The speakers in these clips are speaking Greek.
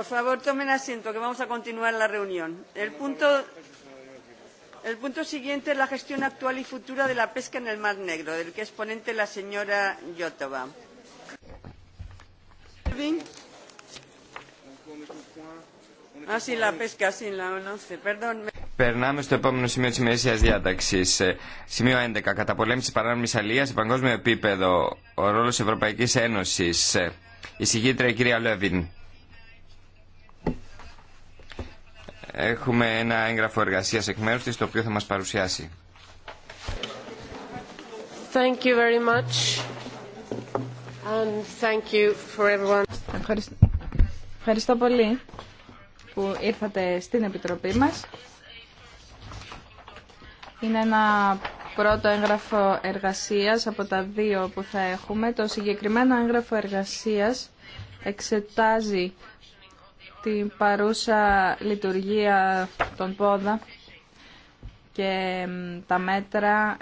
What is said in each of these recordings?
Por favor, tomen asiento, que vamos a continuar la reunión. El punto, el punto siguiente es la gestión actual y futura de la pesca en el Mar Negro, del que es ponente la señora Yotova. Ah, sí, la pesca, sí, la sé, perdón. Περνάμε στο επόμενο σημείο τη ημερήσια διάταξη. Σημείο 11. Καταπολέμηση παράνομη αλληλεία σε παγκόσμιο επίπεδο. Ο ρόλο Ευρωπαϊκή Ένωση. Η συγκήτρια κυρία Λέβιν. έχουμε ένα έγγραφο εργασίας εκ μέρους της το οποίο θα μας παρουσιάσει. Thank you very thank you for everyone. Ευχαριστώ. πολύ που ήρθατε στην Επιτροπή μας. Είναι ένα πρώτο έγγραφο εργασίας από τα δύο που θα έχουμε. Το συγκεκριμένο έγγραφο εργασίας εξετάζει την παρούσα λειτουργία των πόδα και τα μέτρα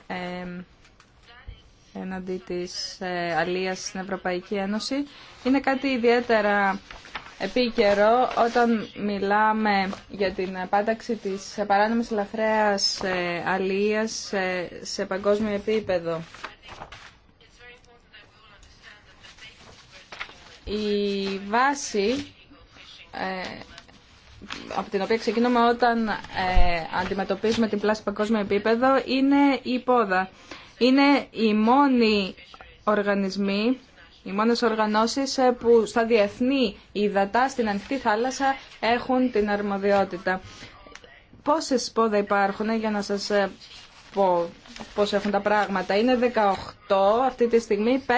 εναντί της ε, αλίας στην Ευρωπαϊκή Ένωση. Είναι κάτι ιδιαίτερα επίκαιρο όταν μιλάμε για την πάταξη της παράνομης λαθρέας ε, αλίας ε, σε παγκόσμιο επίπεδο. Η βάση ε, από την οποία ξεκινούμε όταν ε, αντιμετωπίζουμε την πλάση παγκόσμιο επίπεδο είναι η πόδα. Είναι οι μόνοι οργανισμοί, οι μόνες οργανώσεις ε, που στα διεθνή υδατά στην ανοιχτή θάλασσα έχουν την αρμοδιότητα. Πόσες πόδα υπάρχουν για να σας πω πώς έχουν τα πράγματα. Είναι 18 αυτή τη στιγμή, 5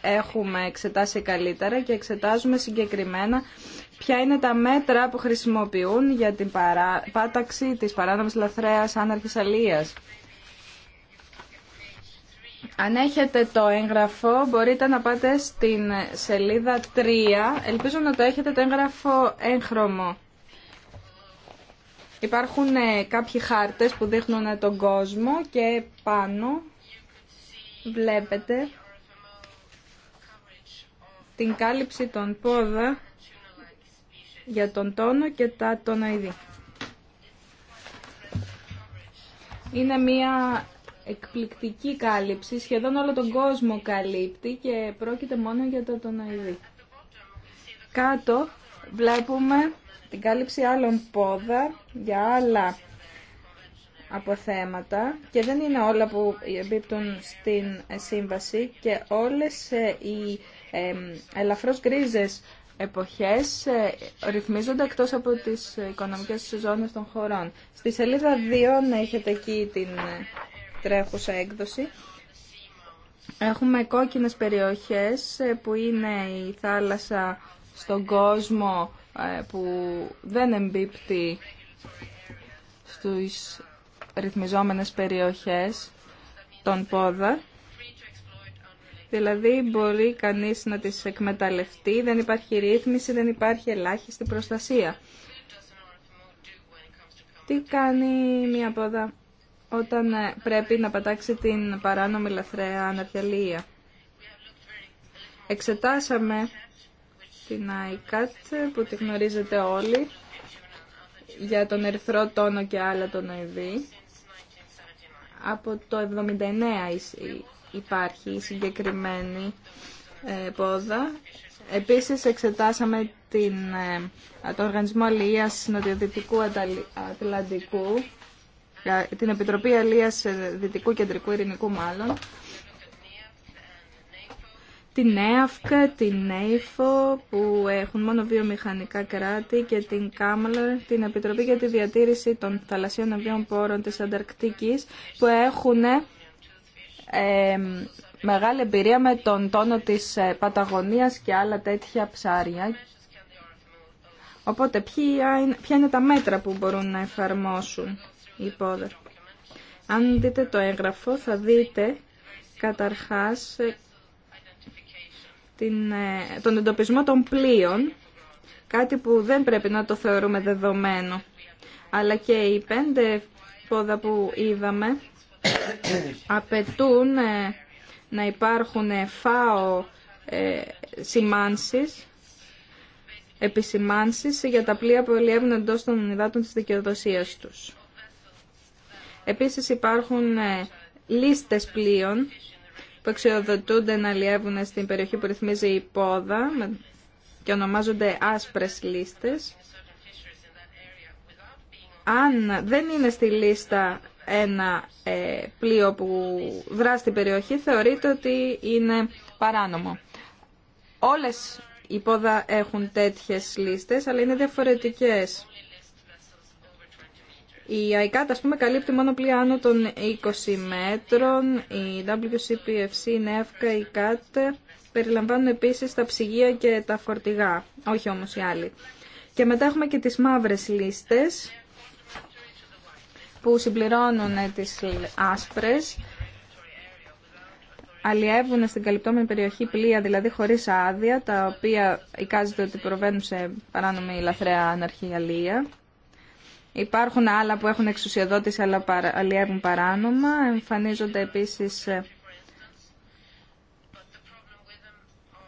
έχουμε εξετάσει καλύτερα και εξετάζουμε συγκεκριμένα ποια είναι τα μέτρα που χρησιμοποιούν για την παρά... πάταξη της παράνομης λαθρέας άναρχης αλίας. Αν έχετε το έγγραφο, μπορείτε να πάτε στην σελίδα 3. Ελπίζω να το έχετε το έγγραφο έγχρωμο. Υπάρχουν ε, κάποιοι χάρτες που δείχνουν ε, τον κόσμο και πάνω βλέπετε την κάλυψη των πόδων για τον τόνο και τα τονοειδή. Είναι μια εκπληκτική κάλυψη, σχεδόν όλο τον κόσμο καλύπτει και πρόκειται μόνο για το τονοειδή. Κάτω βλέπουμε την κάλυψη άλλων πόδα για άλλα αποθέματα και δεν είναι όλα που εμπίπτουν στην σύμβαση και όλες ε, οι ε, ελαφρώς γκρίζες εποχές ε, ρυθμίζονται εκτός από τις οικονομικές ζώνες των χωρών. Στη σελίδα 2 ναι, έχετε εκεί την ε, τρέχουσα έκδοση. Έχουμε κόκκινες περιοχές ε, που είναι η θάλασσα στον κόσμο που δεν εμπίπτει στους ρυθμιζόμενες περιοχές των πόδα Δηλαδή μπορεί κανείς να τις εκμεταλλευτεί, δεν υπάρχει ρύθμιση, δεν υπάρχει ελάχιστη προστασία. Τι κάνει μια πόδα όταν ε, πρέπει να πατάξει την παράνομη λαθρέα αναρκελία. Εξετάσαμε την ICAT που τη γνωρίζετε όλοι για τον ερθρό τόνο και άλλα τον ΟΕΔΗ. Από το 79 υπάρχει συγκεκριμένη ε, πόδα. Επίσης εξετάσαμε την, ε, το Οργανισμό Αλίας Νοτιοδυτικού Ατλαντικού, ε, την Επιτροπή Αλίας Δυτικού Κεντρικού Ειρηνικού μάλλον, την ΕΑΦΚΑ, την ΕΙΦΟ που έχουν μόνο βιομηχανικά κράτη και την ΚΑΜΛΕΡ, την Επιτροπή για τη Διατήρηση των Θαλασσίων Αβιών Πόρων της Ανταρκτικής που έχουν ε, μεγάλη εμπειρία με τον τόνο της ε, Παταγωνίας και άλλα τέτοια ψάρια. Οπότε ποια είναι τα μέτρα που μπορούν να εφαρμόσουν οι υπόδερ. Αν δείτε το έγγραφο θα δείτε καταρχάς ε, την, τον εντοπισμό των πλοίων, κάτι που δεν πρέπει να το θεωρούμε δεδομένο. Αλλά και οι πέντε πόδα που είδαμε απαιτούν ε, να υπάρχουν ε, φάο ε, σημάνσεις, επισημάνσεις για τα πλοία που ελιεύουν εντός των υδάτων της δικαιοδοσίας τους. Επίσης υπάρχουν λίστες πλοίων που εξοδοτούνται να αλλιεύουν στην περιοχή που ρυθμίζει η πόδα και ονομάζονται άσπρες λίστες. Αν δεν είναι στη λίστα ένα ε, πλοίο που δράσει την περιοχή θεωρείται ότι είναι παράνομο. Όλες οι πόδα έχουν τέτοιες λίστες, αλλά είναι διαφορετικές. Η ICAT, ας πούμε, καλύπτει μόνο πλοία άνω των 20 μέτρων. Η WCPFC, η ΝΕΦΚΑ, η ICAT περιλαμβάνουν επίσης τα ψυγεία και τα φορτηγά, όχι όμως οι άλλοι. Και μετά έχουμε και τις μαύρες λίστες, που συμπληρώνουν τις άσπρες αλλιεύουν στην καλυπτόμενη περιοχή πλοία, δηλαδή χωρίς άδεια, τα οποία εικάζεται ότι προβαίνουν σε παράνομη λαθρέα αναρχή αλία. Υπάρχουν άλλα που έχουν εξουσιοδότηση αλλά αλλιεύουν παράνομα. Εμφανίζονται επίσης ε,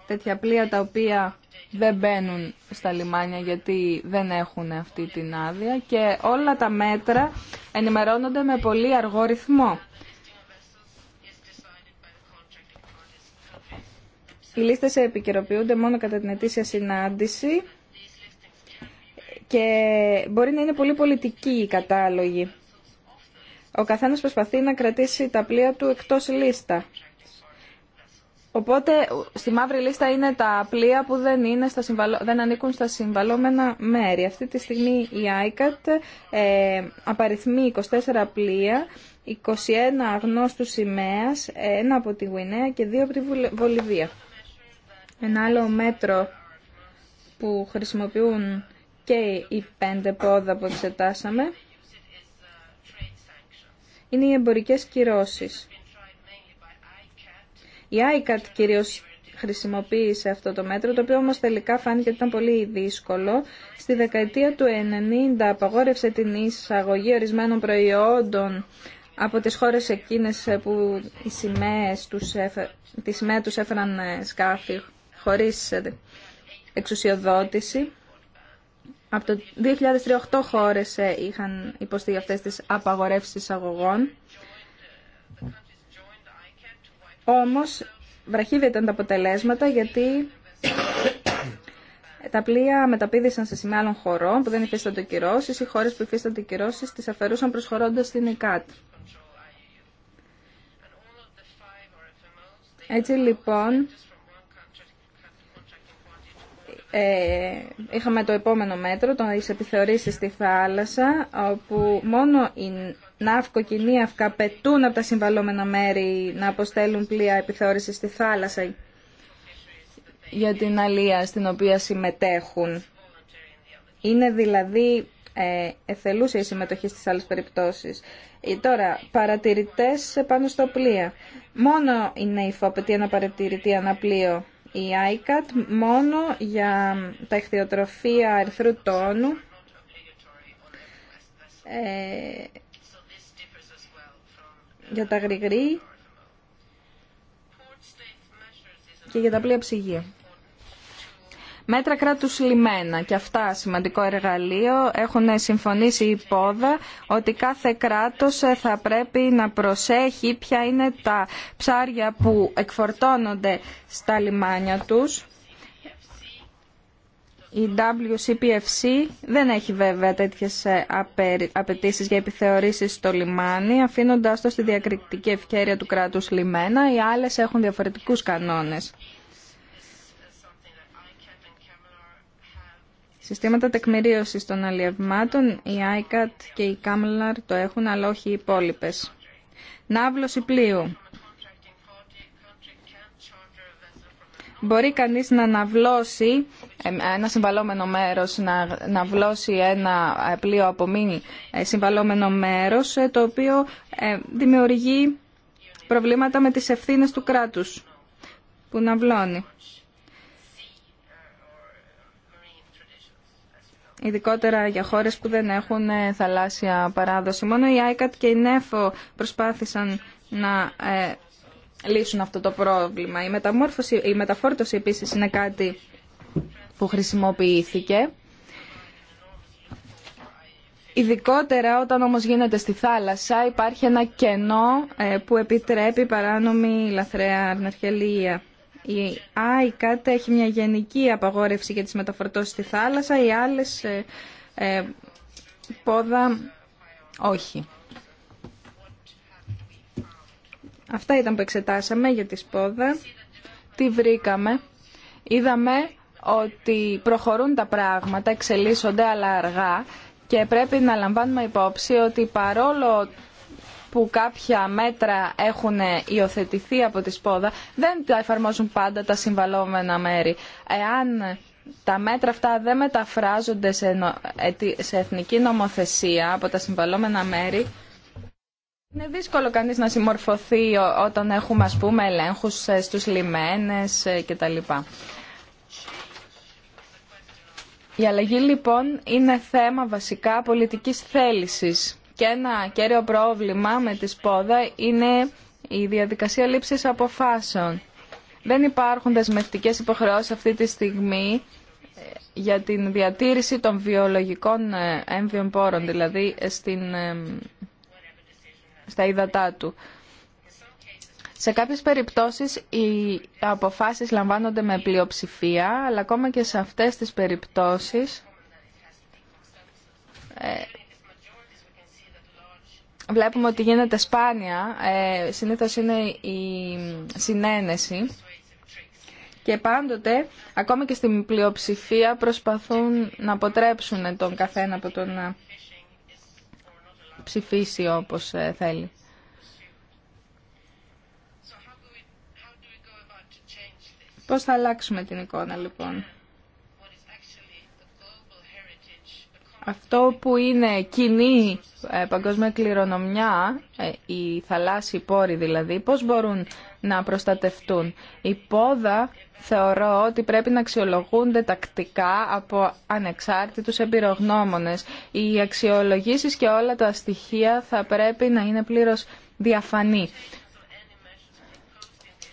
τέτοια πλοία τα οποία δεν μπαίνουν στα λιμάνια γιατί δεν έχουν αυτή την άδεια και όλα τα μέτρα ενημερώνονται με πολύ αργό ρυθμό. Οι λίστες επικαιροποιούνται μόνο κατά την ετήσια συνάντηση και μπορεί να είναι πολύ πολιτική η κατάλογη. Ο καθένας προσπαθεί να κρατήσει τα πλοία του εκτός λίστα. Οπότε στη μαύρη λίστα είναι τα πλοία που δεν, είναι στα δεν ανήκουν στα συμβαλώμενα μέρη. Αυτή τη στιγμή η ICAT ε, απαριθμεί 24 πλοία, 21 αγνώστου σημαία, ένα από τη Γουινέα και δύο από τη Βολιβία. Ένα άλλο μέτρο που χρησιμοποιούν και οι πέντε πόδα που εξετάσαμε είναι οι εμπορικές κυρώσεις. Η ICAT κυρίω χρησιμοποίησε αυτό το μέτρο, το οποίο όμως τελικά φάνηκε ότι ήταν πολύ δύσκολο. Στη δεκαετία του 90 απαγόρευσε την εισαγωγή ορισμένων προϊόντων από τις χώρες εκείνες που οι σημαίες τους, τη έφεραν ε, σκάφη χωρίς εξουσιοδότηση. Από το 2008 χώρες ε, είχαν υποστεί αυτές τις απαγορεύσεις εισαγωγών. Όμως, βραχίδια τα αποτελέσματα γιατί τα πλοία μεταπίδησαν σε σημεία άλλων χωρών που δεν υφίστανται κυρώσεις. Οι χώρες που υφίστανται κυρώσεις τις αφαιρούσαν προσχωρώντας την ΕΚΑΤ. Έτσι λοιπόν, ε, είχαμε το επόμενο μέτρο, το να επιθεωρήσεις στη θάλασσα, όπου μόνο οι ναύκο και αυκά πετούν από τα συμβαλόμενα μέρη να αποστέλουν πλοία επιθεώρηση στη θάλασσα για την αλία στην οποία συμμετέχουν. Είναι δηλαδή ε, εθελούσε η συμμετοχή στις άλλες περιπτώσεις. Ε, τώρα, παρατηρητές πάνω στο πλοία. Μόνο η ΝΕΙΦΟ να ένα παρατηρητή ένα πλοίο. Η ΆΙΚΑΤ, μόνο για τα εχθειοτροφία ερθρού τόνου. Ε, για τα γρηγρή και για τα πλοία ψυγεία. Μέτρα κράτους λιμένα και αυτά σημαντικό εργαλείο έχουν συμφωνήσει η πόδα ότι κάθε κράτος θα πρέπει να προσέχει ποια είναι τα ψάρια που εκφορτώνονται στα λιμάνια τους η WCPFC δεν έχει βέβαια τέτοιες ε, απαιτήσει για επιθεωρήσεις στο λιμάνι, αφήνοντας το στη διακριτική ευκαιρία του κράτους λιμένα. Οι άλλες έχουν διαφορετικούς κανόνες. Συστήματα τεκμηρίωσης των αλλιευμάτων, η ICAT και η CAMLAR το έχουν, αλλά όχι οι υπόλοιπε. Ναύλωση πλοίου. μπορεί κανείς να αναβλώσει, ένα συμβαλόμενο μέρος να αναβλώσει ένα ε, πλοίο από μήνυ ε, συμβαλόμενο μέρος, ε, το οποίο δημιουργεί προβλήματα με τις ευθύνες του κράτους που ναυλώνει. ειδικότερα για χώρες που δεν έχουν θαλάσσια παράδοση. Μόνο η ICAT και η ΝΕΦΟ προσπάθησαν να λύσουν αυτό το πρόβλημα. Η, μεταμόρφωση, η μεταφόρτωση επίσης είναι κάτι που χρησιμοποιήθηκε. Ειδικότερα όταν όμως γίνεται στη θάλασσα υπάρχει ένα κενό ε, που επιτρέπει παράνομη λαθρέα αρναρχελία. Η ΆΙΚΑΤ έχει μια γενική απαγόρευση για τις μεταφορτώσεις στη θάλασσα, οι άλλες ε, ε πόδα όχι. Αυτά ήταν που εξετάσαμε για τη σπόδα. Τι βρήκαμε. Είδαμε ότι προχωρούν τα πράγματα, εξελίσσονται αλλά αργά και πρέπει να λαμβάνουμε υπόψη ότι παρόλο που κάποια μέτρα έχουν υιοθετηθεί από τη σπόδα δεν τα εφαρμόζουν πάντα τα συμβαλόμενα μέρη. Εάν τα μέτρα αυτά δεν μεταφράζονται σε ε, εθνική νομοθεσία από τα συμβαλόμενα μέρη είναι δύσκολο κανείς να συμμορφωθεί όταν έχουμε ας πούμε ελέγχους ε, στους λιμένες ε, κτλ. Η αλλαγή λοιπόν είναι θέμα βασικά πολιτικής θέλησης και ένα κέριο πρόβλημα με τη σπόδα είναι η διαδικασία λήψης αποφάσεων. Δεν υπάρχουν δεσμευτικές υποχρεώσεις αυτή τη στιγμή ε, για την διατήρηση των βιολογικών έμβιων πόρων, δηλαδή στην στα ύδατά του. Σε κάποιες περιπτώσεις οι αποφάσεις λαμβάνονται με πλειοψηφία, αλλά ακόμα και σε αυτές τις περιπτώσεις ε, βλέπουμε ότι γίνεται σπάνια, ε, συνήθως είναι η συνένεση και πάντοτε, ακόμα και στην πλειοψηφία, προσπαθούν να αποτρέψουν τον καθένα από τον ψηφίσει όπως ε, θέλει. Πώς θα αλλάξουμε την εικόνα λοιπόν. Αυτό που είναι κοινή ε, παγκόσμια κληρονομιά, ε, οι θαλάσσιοι πόροι δηλαδή, πώς μπορούν να προστατευτούν. Η πόδα θεωρώ ότι πρέπει να αξιολογούνται τακτικά από ανεξάρτητους εμπειρογνώμονες. Οι αξιολογήσεις και όλα τα στοιχεία θα πρέπει να είναι πλήρως διαφανή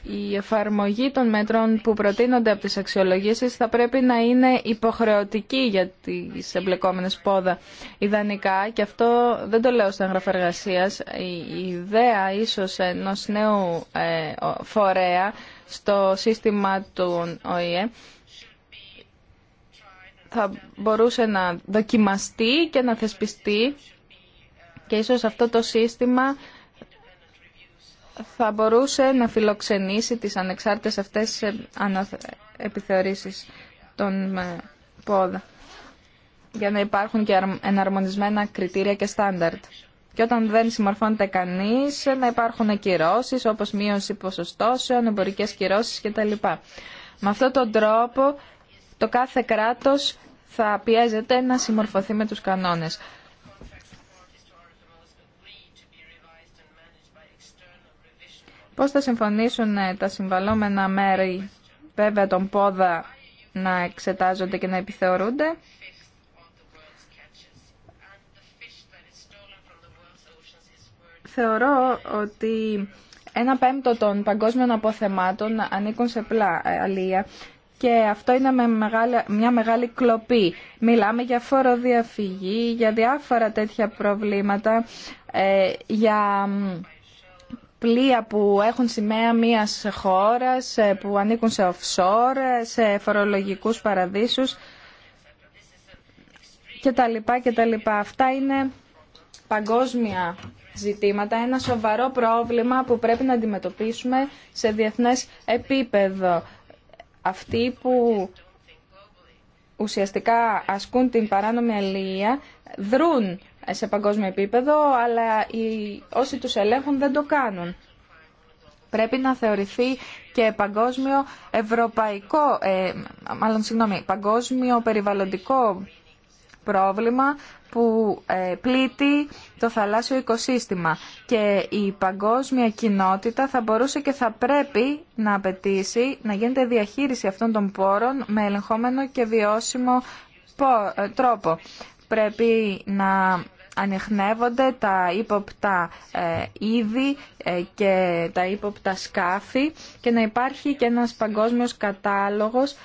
η εφαρμογή των μέτρων που προτείνονται από τις αξιολογήσεις θα πρέπει να είναι υποχρεωτική για τις εμπλεκόμενες πόδα ιδανικά και αυτό δεν το λέω σαν γραφεργασίας Η ιδέα ίσως ενός νέου ε, φορέα στο σύστημα του ΟΗΕ θα μπορούσε να δοκιμαστεί και να θεσπιστεί και ίσως αυτό το σύστημα θα μπορούσε να φιλοξενήσει τις ανεξάρτητες αυτές ε, επιθεωρήσεις των ε, πόδα για να υπάρχουν και εναρμονισμένα κριτήρια και στάνταρτ. Και όταν δεν συμμορφώνεται κανείς ε, να υπάρχουν κυρώσεις όπως μείωση ποσοστώσεων, εμπορικές κυρώσεις κτλ. Με αυτόν τον τρόπο το κάθε κράτος θα πιέζεται να συμμορφωθεί με τους κανόνες. Πώς θα συμφωνήσουν ε, τα συμβαλώμενα μέρη, βέβαια τον πόδα, να εξετάζονται και να επιθεωρούνται. Θεωρώ ότι ένα πέμπτο των παγκόσμιων αποθεμάτων ανήκουν σε πλά ε, αλία και αυτό είναι με μια μεγάλη κλοπή. Μιλάμε για φοροδιαφυγή, για διάφορα τέτοια προβλήματα, ε, για πλοία που έχουν σημαία μίας χώρας, ε, που ανήκουν σε offshore, σε φορολογικούς παραδείσους και τα λοιπά και τα λοιπά. Αυτά είναι παγκόσμια ζητήματα, ένα σοβαρό πρόβλημα που πρέπει να αντιμετωπίσουμε σε διεθνές επίπεδο. Αυτοί που ουσιαστικά ασκούν την παράνομη αλληλεία δρούν σε παγκόσμιο επίπεδο, αλλά οι, όσοι τους ελέγχουν δεν το κάνουν. Πρέπει να θεωρηθεί και παγκόσμιο ευρωπαϊκό, ε, μάλλον συγγνώμη, παγκόσμιο περιβαλλοντικό πρόβλημα που ε, πλήττει το θαλάσσιο οικοσύστημα και η παγκόσμια κοινότητα θα μπορούσε και θα πρέπει να απαιτήσει να γίνεται διαχείριση αυτών των πόρων με ελεγχόμενο και βιώσιμο ε, τρόπο. Πρέπει να ανεχνεύονται τα ύποπτα ε, είδη και τα ύποπτα σκάφη και να υπάρχει και ένας παγκόσμιος κατάλογος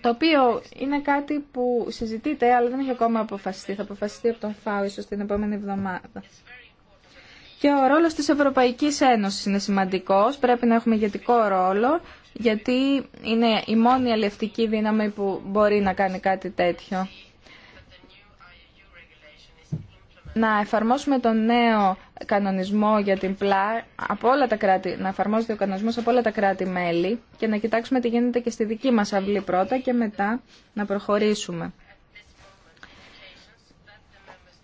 το οποίο είναι κάτι που συζητείται, αλλά δεν έχει ακόμα αποφασιστεί. Θα αποφασιστεί από τον ΦΑΟ ίσως την επόμενη εβδομάδα. Και ο ρόλος της Ευρωπαϊκής Ένωσης είναι σημαντικός. Πρέπει να έχουμε ηγετικό ρόλο, γιατί είναι η μόνη αλληλευτική δύναμη που μπορεί να κάνει κάτι τέτοιο. να εφαρμόσουμε τον νέο κανονισμό για την ΠΛΑ από όλα τα κράτη, να εφαρμόζεται ο κανονισμό από όλα τα κράτη-μέλη και να κοιτάξουμε τι γίνεται και στη δική μας αυλή πρώτα και μετά να προχωρήσουμε.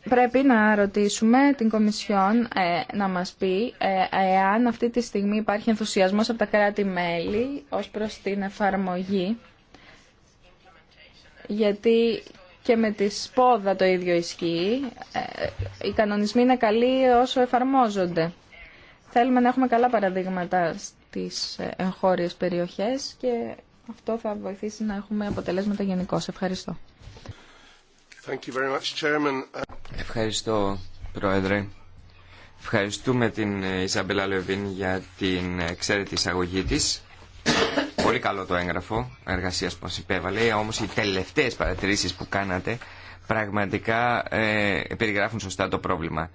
Πρέπει να ρωτήσουμε την Κομισιόν ε, να μας πει ε, εάν αυτή τη στιγμή υπάρχει ενθουσιασμός από τα κράτη-μέλη ως προς την εφαρμογή γιατί και με τη σπόδα το ίδιο ισχύει. Ε, οι κανονισμοί είναι καλοί όσο εφαρμόζονται. Θέλουμε να έχουμε καλά παραδείγματα στις εγχώριες περιοχές και αυτό θα βοηθήσει να έχουμε αποτελέσματα γενικώ. Ευχαριστώ. Thank you Ευχαριστώ, Πρόεδρε. Ευχαριστούμε την ε, Ισαμπέλα Λεβίν για την ε, εξαίρετη εισαγωγή της πολύ καλό το έγγραφο εργασίας που μας υπέβαλε, όμως οι τελευταίες παρατηρήσεις που κάνατε πραγματικά ε, περιγράφουν σωστά το πρόβλημα.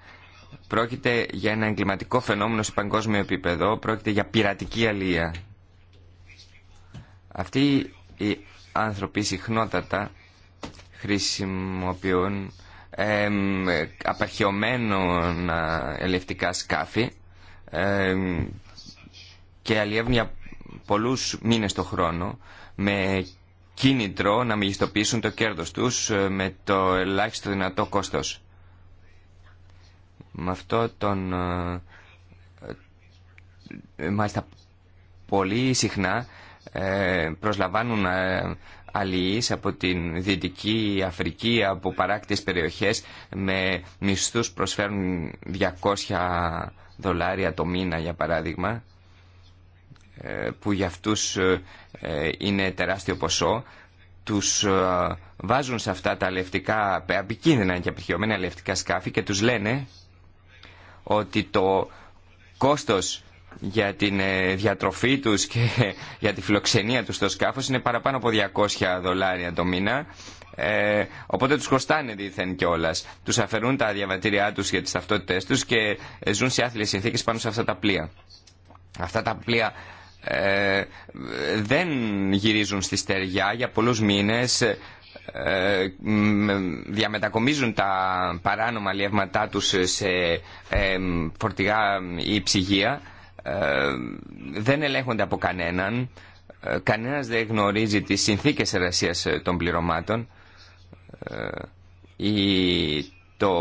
Πρόκειται για ένα εγκληματικό φαινόμενο σε παγκόσμιο επίπεδο, πρόκειται για πειρατική αλία. Αυτοί οι άνθρωποι συχνότατα χρησιμοποιούν ε, απαρχαιωμένων ελευτικά σκάφη και αλλιεύουν για πολλούς μήνες το χρόνο με κίνητρο να μεγιστοποιήσουν το κέρδος τους ε, με το ελάχιστο δυνατό κόστος. Με αυτό τον... Ε, ε, μάλιστα πολύ συχνά προσλαμβάνουν αλληλείς από την Δυτική Αφρική, από παράκτιες περιοχές με μισθούς προσφέρουν 200 δολάρια το μήνα για παράδειγμα ε, που για αυτούς ε, ε, είναι τεράστιο ποσό, τους βάζουν σε αυτά τα αλληλευτικά, επικίνδυνα και απειχιωμένα αλληλευτικά σκάφη και τους λένε ότι το κόστος για την διατροφή τους και για τη φιλοξενία τους στο σκάφος είναι παραπάνω από 200 δολάρια το μήνα ε, οπότε τους χρωστάνε δίθεν κιόλα. Τους αφαιρούν τα διαβατήριά τους για τις ταυτότητές τους και ζουν σε άθλιες συνθήκες πάνω σε αυτά τα πλοία. Αυτά τα πλοία ε, δεν γυρίζουν στη στεριά για πολλούς μήνες ε, διαμετακομίζουν τα παράνομα λευματά τους σε ε, φορτηγά ή ψυγεία ε, δεν ελέγχονται από κανέναν κανένας δεν γνωρίζει τις συνθήκες εργασίας των πληρωμάτων η, το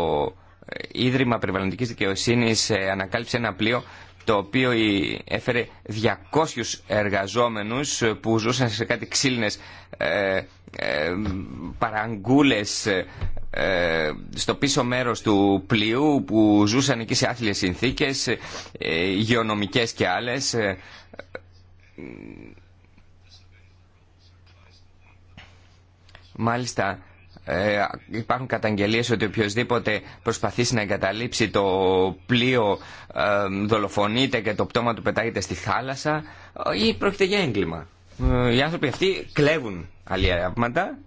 Ίδρυμα Περιβαλλοντικής Δικαιοσύνης ανακάλυψε ένα πλοίο το οποίο έφερε 200 εργαζόμενους που ζούσαν σε κάτι ξύλινες ε, ε παραγκούλες ε, στο πίσω μέρος του πλοίου που ζούσαν εκεί σε άθλιες συνθήκες, ε, υγειονομικές και άλλες. Μάλιστα ε, υπάρχουν καταγγελίες ότι οποιοδήποτε προσπαθήσει να εγκαταλείψει το πλοίο ε, δολοφονείται και το πτώμα του πετάγεται στη θάλασσα ε, ή πρόκειται για έγκλημα. Ε, οι άνθρωποι αυτοί κλέβουν αλλιεύματα,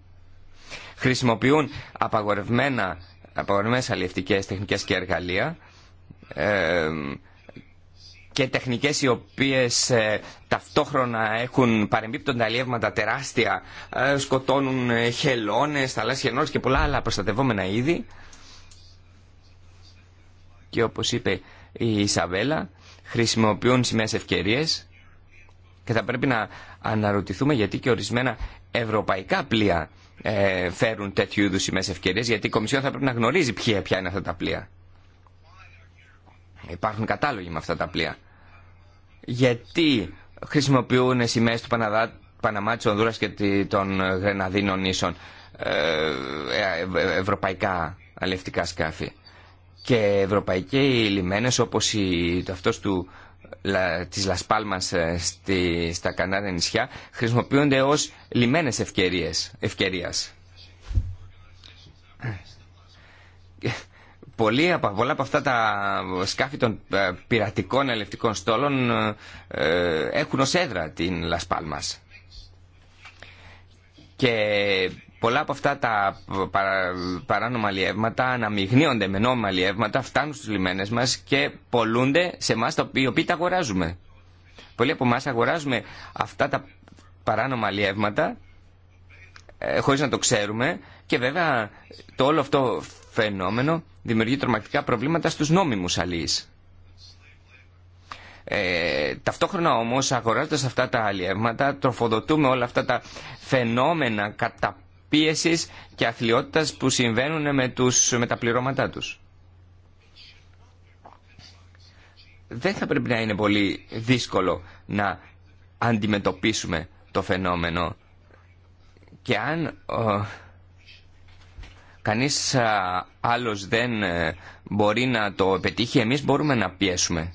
χρησιμοποιούν απαγορευμένα, απαγορευμένες αλλιευτικές τεχνικές και εργαλεία, και τεχνικές οι οποίες ε, ταυτόχρονα έχουν παρεμπίπτοντα αλλιεύματα τεράστια, ε, σκοτώνουν ε, χελώνες, θαλάσσιες και πολλά άλλα προστατευόμενα είδη. Και όπως είπε η Ισαβέλα, χρησιμοποιούν σημαίες ευκαιρίες και θα πρέπει να αναρωτηθούμε γιατί και ορισμένα ευρωπαϊκά πλοία φέρουν τέτοιου είδους σημαίες ευκαιρίες, γιατί η Κομισιόν θα πρέπει να γνωρίζει ποια, ποια είναι αυτά τα πλοία. Υπάρχουν κατάλογοι με αυτά τα πλοία γιατί χρησιμοποιούν σημαίες του Παναδά, Παναμά, της Ονδούρας και των Γρεναδίνων νήσων ε, ε, ε, ευρωπαϊκά αλευτικά σκάφη. Και ευρωπαϊκοί λιμένες όπως η, το αυτός του, της Λασπάλμας στη, στα Κανάρια νησιά χρησιμοποιούνται ως λιμένες ευκαιρίες, ευκαιρίας. Πολλοί πολλά από αυτά τα σκάφη των ε, πειρατικών ελευτικών στόλων ε, ε, έχουν ως έδρα την Λασπάλμας. Και πολλά από αυτά τα παράνομα αλλιεύματα αναμειγνύονται με νόμιμα αλλιεύματα, φτάνουν στους λιμένες μας και πολλούνται σε εμά οι οποίοι τα αγοράζουμε. Πολλοί από εμά αγοράζουμε αυτά τα παράνομα αλλιεύματα χωρίς να το ξέρουμε και βέβαια το όλο αυτό φαινόμενο δημιουργεί τρομακτικά προβλήματα στους νόμιμους αλλοίς. Ε, ταυτόχρονα όμως αγοράζοντας αυτά τα αλλιεύματα τροφοδοτούμε όλα αυτά τα φαινόμενα καταπίεσης και αθλειότητας που συμβαίνουν με, τους, με τα πληρώματά τους. Δεν θα πρέπει να είναι πολύ δύσκολο να αντιμετωπίσουμε το φαινόμενο και αν... Ο, ε, Κανείς άλλος δεν ε, μπορεί να το πετύχει, εμείς μπορούμε να πιέσουμε.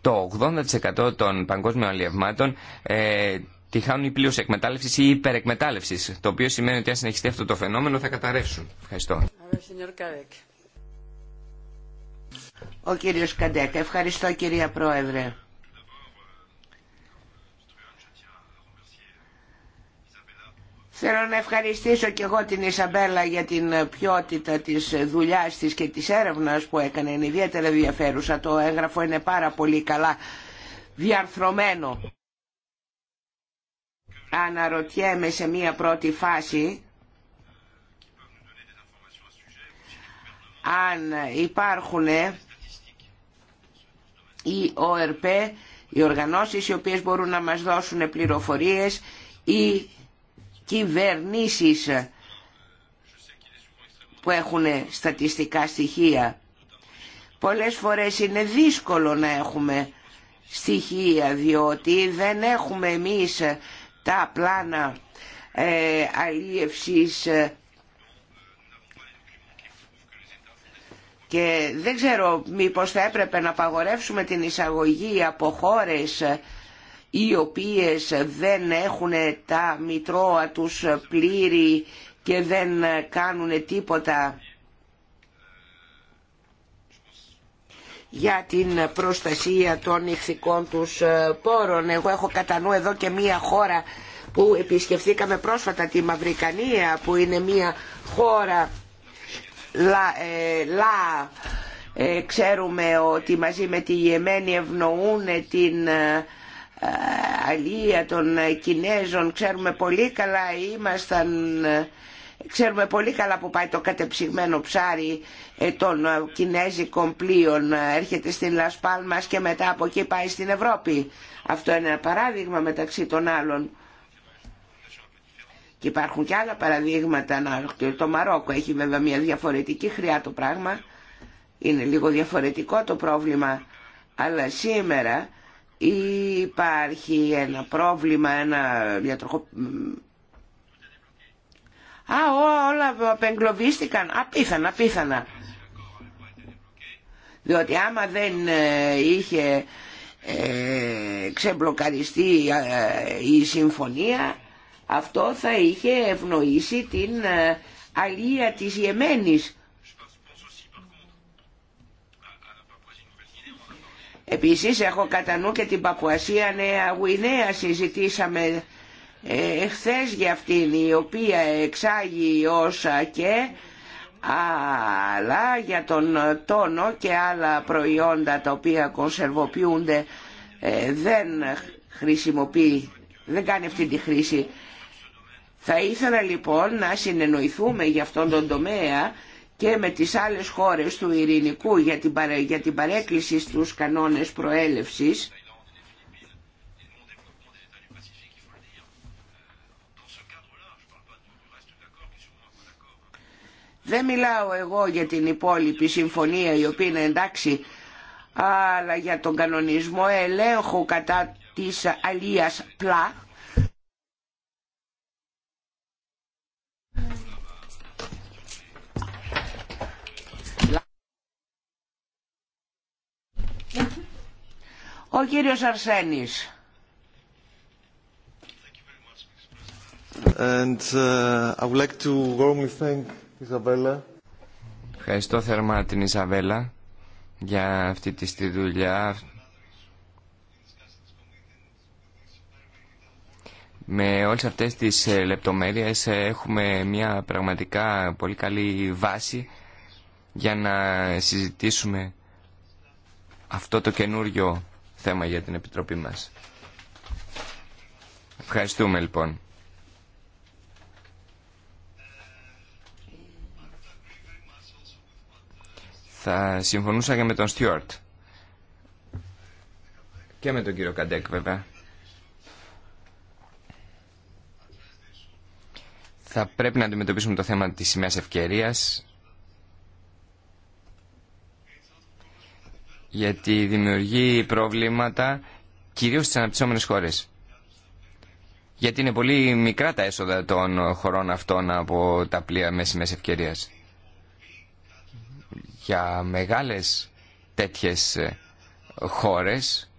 Το 80% των παγκόσμιων αλλιευμάτων ε, τη χάνουν πλήρω εκμετάλλευση ή υπερεκμετάλλευση. Το οποίο σημαίνει ότι αν συνεχιστεί αυτό το φαινόμενο θα καταρρεύσουν. Ευχαριστώ. Ο κύριος Καντέκ. Ευχαριστώ κυρία Πρόεδρε. Θέλω να ευχαριστήσω και εγώ την Ισαμπέλα για την ποιότητα της δουλειάς της και της έρευνας που έκανε. Είναι ιδιαίτερα ενδιαφέρουσα. Το έγγραφο είναι πάρα πολύ καλά διαρθρωμένο. Αναρωτιέμαι σε μία πρώτη φάση αν υπάρχουν οι ΟΕΡΠΕ, οι οργανώσεις οι οποίες μπορούν να μας δώσουν πληροφορίες ή κυβερνήσεις που έχουν στατιστικά στοιχεία. Πολλές φορές είναι δύσκολο να έχουμε στοιχεία διότι δεν έχουμε εμείς τα πλάνα ε, ε και δεν ξέρω μήπως θα έπρεπε να απαγορεύσουμε την εισαγωγή από χώρες ε, οι οποίες δεν έχουν τα μητρώα τους πλήρη και δεν κάνουν τίποτα για την προστασία των ηχθικών τους πόρων. Εγώ έχω κατά νου εδώ και μία χώρα που επισκεφθήκαμε πρόσφατα τη Μαυρικανία που είναι μία χώρα λα, ε, λα ε, ξέρουμε ότι μαζί με τη Γεμένη ευνοούν την ε, αλία των Κινέζων ξέρουμε πολύ καλά ήμασταν ξέρουμε πολύ καλά που πάει το κατεψυγμένο ψάρι ε, των ε, κινέζικων πλοίων έρχεται στην Λασπάλμας και μετά από εκεί πάει στην Ευρώπη αυτό είναι ένα παράδειγμα μεταξύ των άλλων και υπάρχουν και άλλα παραδείγματα το Μαρόκο έχει βέβαια μια διαφορετική χρειά το πράγμα είναι λίγο διαφορετικό το πρόβλημα αλλά σήμερα Υπάρχει ένα πρόβλημα, ένα διατροχό... Α, όλα απεγκλωβίστηκαν. Απίθανα, απίθανα. Διότι άμα δεν ε, είχε ε, ξεμπλοκαριστεί ε, η συμφωνία, αυτό θα είχε ευνοήσει την αλία της Ιεμένης. Επίσης έχω κατά νου και την Παπουασία Νέα Γουινέα συζητήσαμε ε, εχθές για αυτήν η οποία εξάγει όσα και αλλά για τον τόνο και άλλα προϊόντα τα οποία κονσερβοποιούνται ε, δεν χρησιμοποιεί, δεν κάνει αυτή τη χρήση. Θα ήθελα λοιπόν να συνεννοηθούμε για αυτόν τον τομέα και με τις άλλες χώρες του ειρηνικού για την, παρέ, για την παρέκκληση στους κανόνες προέλευσης Δεν μιλάω εγώ για την υπόλοιπη συμφωνία η οποία είναι εντάξει αλλά για τον κανονισμό ελέγχου κατά της αλίας πλά Ο κύριος Αρσένης. And, uh, I would like to Ευχαριστώ θερμά την Ισαβέλα για αυτή τη, τη δουλειά. Με όλες αυτές τις ε, λεπτομέρειες ε, έχουμε μια πραγματικά πολύ καλή βάση για να συζητήσουμε αυτό το καινούριο θέμα για την Επιτροπή μας. Ευχαριστούμε λοιπόν. Θα συμφωνούσα και με τον Στιόρτ. Και με τον κύριο Καντέκ βέβαια. Θα πρέπει να αντιμετωπίσουμε το θέμα της σημαίας ευκαιρίας γιατί δημιουργεί προβλήματα κυρίως στις αναπτυσσόμενες χώρες. Γιατί είναι πολύ μικρά τα έσοδα των χωρών αυτών από τα πλοία μέση-μέση ευκαιρία. Για μεγάλες τέτοιες ε, χώρες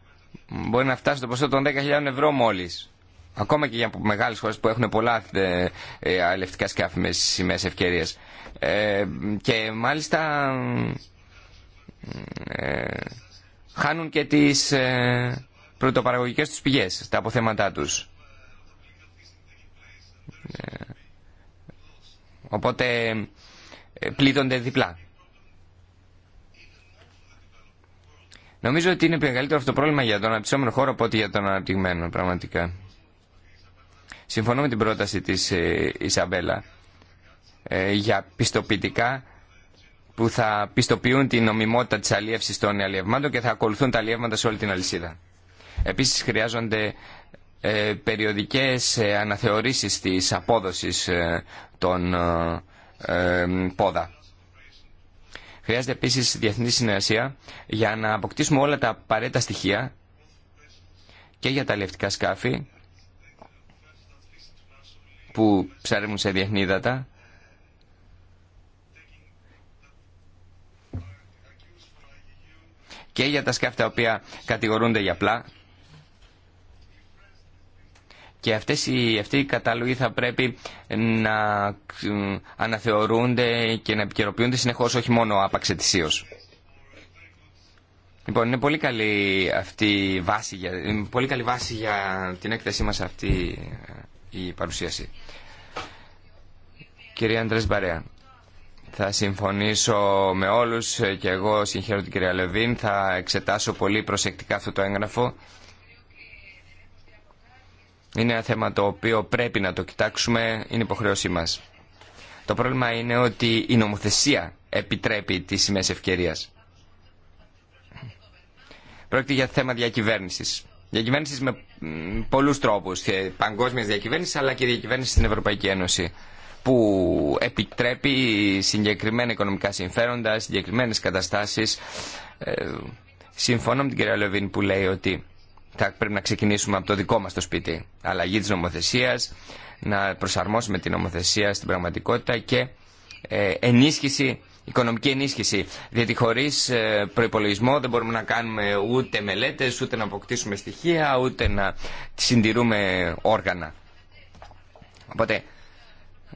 μπορεί να φτάσει το ποσό των 10.000 ευρώ μόλις. Ακόμα και για μεγάλες χώρες που έχουν αλευτικά ε, ε, αλληλευτικά σκάφη μέση-μέση Ε, Και μάλιστα ε, χάνουν και τις ε, πρωτοπαραγωγικές τους πηγές, τα αποθέματά τους. Ε, οπότε ε, πλήττονται διπλά. Νομίζω ότι είναι μεγαλύτερο αυτό το πρόβλημα για τον αναπτυσσόμενο χώρο από ότι για τον αναπτυγμένο πραγματικά. Συμφωνώ με την πρόταση της Ισαμπέλα για πιστοποιητικά που θα πιστοποιούν την νομιμότητα της αλίευσης των αλλιευμάτων και θα ακολουθούν τα αλλιεύματα σε όλη την αλυσίδα. Επίσης χρειάζονται ε, περιοδικές ε, αναθεωρήσεις της απόδοσης ε, των ε, ε, πόδα. Χρειάζεται επίσης διεθνή συνεργασία για να αποκτήσουμε όλα τα απαραίτητα στοιχεία και για τα αλλιευτικά σκάφη που ψάρεμουν σε διεθνή ύδατα και για τα σκάφη τα οποία κατηγορούνται για απλά. Και αυτές οι, αυτοί οι κατάλογοι θα πρέπει να αναθεωρούνται και να επικαιροποιούνται συνεχώς, όχι μόνο άπαξ ετησίως. Λοιπόν, είναι πολύ καλή αυτή βάση για, πολύ καλή βάση για την έκθεσή μας αυτή ε, η παρουσίαση. Κυρία Αντρές Μπαρέα. Θα συμφωνήσω με όλους και εγώ συγχαίρω την κυρία Λεβίν. Θα εξετάσω πολύ προσεκτικά αυτό το έγγραφο. Είναι ένα θέμα το οποίο πρέπει να το κοιτάξουμε, είναι υποχρέωσή μας. Το πρόβλημα είναι ότι η νομοθεσία επιτρέπει τις σημαίες ευκαιρίας. Πρόκειται για θέμα διακυβέρνησης. Διακυβέρνησης με πολλούς τρόπους, Παγκόσμια διακυβέρνηση αλλά και διακυβέρνηση στην Ευρωπαϊκή Ένωση που επιτρέπει συγκεκριμένα οικονομικά συμφέροντα, συγκεκριμένες καταστάσεις. Ε, συμφωνώ με την κυρία που λέει ότι θα πρέπει να ξεκινήσουμε από το δικό μας το σπίτι. Αλλαγή της νομοθεσίας, να προσαρμόσουμε την νομοθεσία στην πραγματικότητα και ε, ενίσχυση, οικονομική ενίσχυση. Διότι χωρί ε, προπολογισμό δεν μπορούμε να κάνουμε ούτε μελέτες, ούτε να αποκτήσουμε στοιχεία, ούτε να συντηρούμε όργανα. Οπότε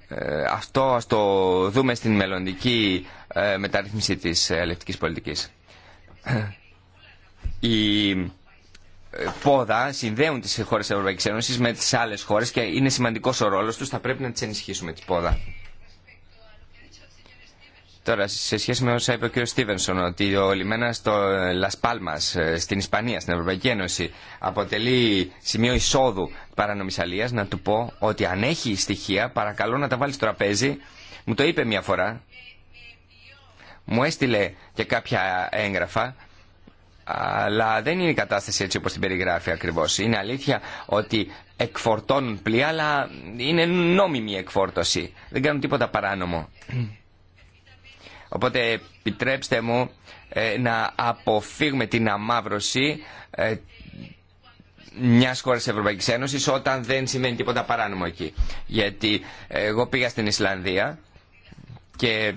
ε, αυτό ας το δούμε στην μελλοντική ε, μεταρρύθμιση της ελεκτικής πολιτικής. Οι ε, πόδα συνδέουν τις χώρες της Ευρωπαϊκής Ένωσης με τις άλλες χώρες και είναι σημαντικός ο ρόλος τους, θα πρέπει να τις ενισχύσουμε τις πόδα. Τώρα, σε σχέση με όσα είπε ο κ. Στίβενσον, ότι ο λιμένα στο Λασπάλμα, ε, ε, στην Ισπανία, στην Ευρωπαϊκή Ένωση, αποτελεί σημείο εισόδου παράνομη να του πω ότι αν έχει στοιχεία, παρακαλώ να τα βάλει στο τραπέζι. Μου το είπε μια φορά. Μου έστειλε και κάποια έγγραφα. Αλλά δεν είναι η κατάσταση έτσι όπως την περιγράφει ακριβώς. Είναι αλήθεια ότι εκφορτώνουν πλοία, αλλά είναι νόμιμη η εκφόρτωση. Δεν κάνουν τίποτα παράνομο. Οπότε επιτρέψτε μου ε, να αποφύγουμε την αμάυρωση ε, μια χώρα τη Ευρωπαϊκή Ένωση όταν δεν σημαίνει τίποτα παράνομο εκεί. Γιατί εγώ πήγα στην Ισλανδία και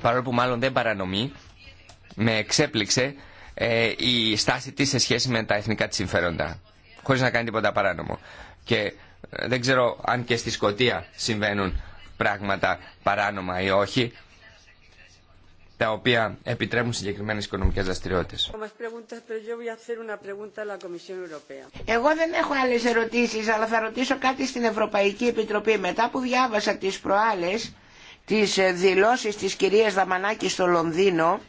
παρόλο που μάλλον δεν παρανομεί, με εξέπληξε ε, η στάση της σε σχέση με τα εθνικά της συμφέροντα, χωρίς να κάνει τίποτα παράνομο. Και δεν ξέρω αν και στη Σκοτία συμβαίνουν πράγματα παράνομα ή όχι, τα οποία επιτρέπουν συγκεκριμένε οικονομικέ δραστηριότητε. Εγώ δεν έχω άλλε ερωτήσει, αλλά θα ρωτήσω κάτι στην Ευρωπαϊκή Επιτροπή. Μετά που διάβασα τι προάλλε τι δηλώσει τη κυρία Δαμανάκη στο Λονδίνο,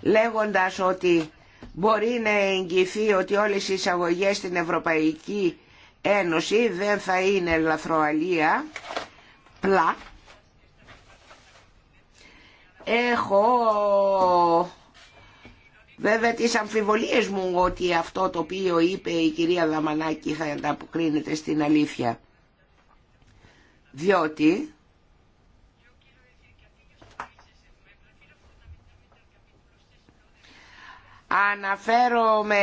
λέγοντα ότι μπορεί να εγγυηθεί ότι όλε οι εισαγωγέ στην Ευρωπαϊκή Ένωση δεν θα είναι λαθροαλία, πλά Έχω βέβαια τις αμφιβολίες μου ότι αυτό το οποίο είπε η κυρία Δαμανάκη θα ανταποκρίνεται στην αλήθεια. Διότι... Αναφέρομαι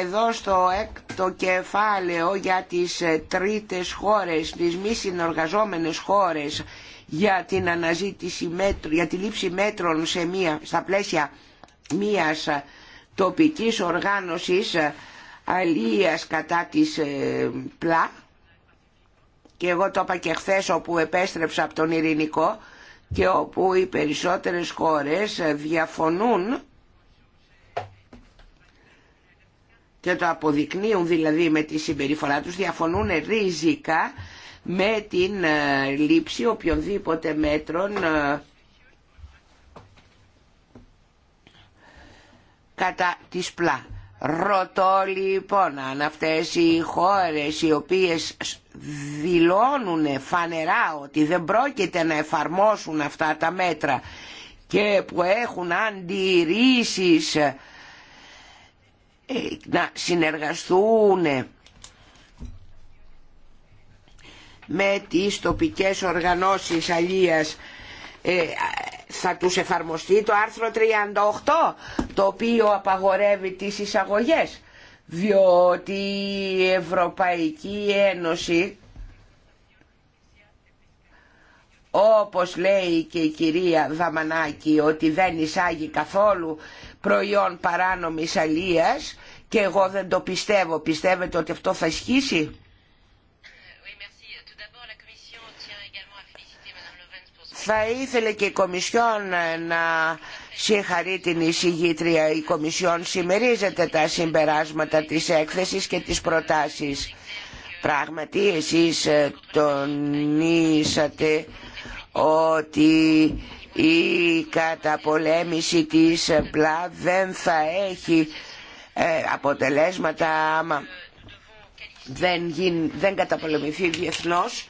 εδώ στο έκτο κεφάλαιο για τις τρίτες χώρες, τις μη συνεργαζόμενες χώρες για την αναζήτηση μέτρων, για τη λήψη μέτρων σε μία, στα πλαίσια μίας τοπικής οργάνωσης αλίας κατά της ε, ΠΛΑ και εγώ το είπα και χθε όπου επέστρεψα από τον Ειρηνικό και όπου οι περισσότερες χώρες διαφωνούν και το αποδεικνύουν δηλαδή με τη συμπεριφορά τους, διαφωνούν ριζικά με την ε, λήψη οποιονδήποτε μέτρων ε, κατά της πλά. Ρωτώ λοιπόν αν αυτές οι χώρες οι οποίες δηλώνουν φανερά ότι δεν πρόκειται να εφαρμόσουν αυτά τα μέτρα και που έχουν αντιρρήσεις ε, να συνεργαστούν με τις τοπικές οργανώσεις αλίας ε, θα τους εφαρμοστεί το άρθρο 38 το οποίο απαγορεύει τις εισαγωγές διότι η Ευρωπαϊκή Ένωση όπως λέει και η κυρία Δαμανάκη ότι δεν εισάγει καθόλου προϊόν παράνομης αλίας και εγώ δεν το πιστεύω. Πιστεύετε ότι αυτό θα ισχύσει. Θα ήθελε και η Κομισιόν να συγχαρεί την εισηγήτρια. Η Κομισιόν συμμερίζεται τα συμπεράσματα της έκθεσης και της προτάσεις. Πράγματι εσείς ε, τονίσατε ότι η καταπολέμηση της ΠΛΑ δεν θα έχει ε, αποτελέσματα άμα δεν, δεν καταπολεμηθεί διεθνώς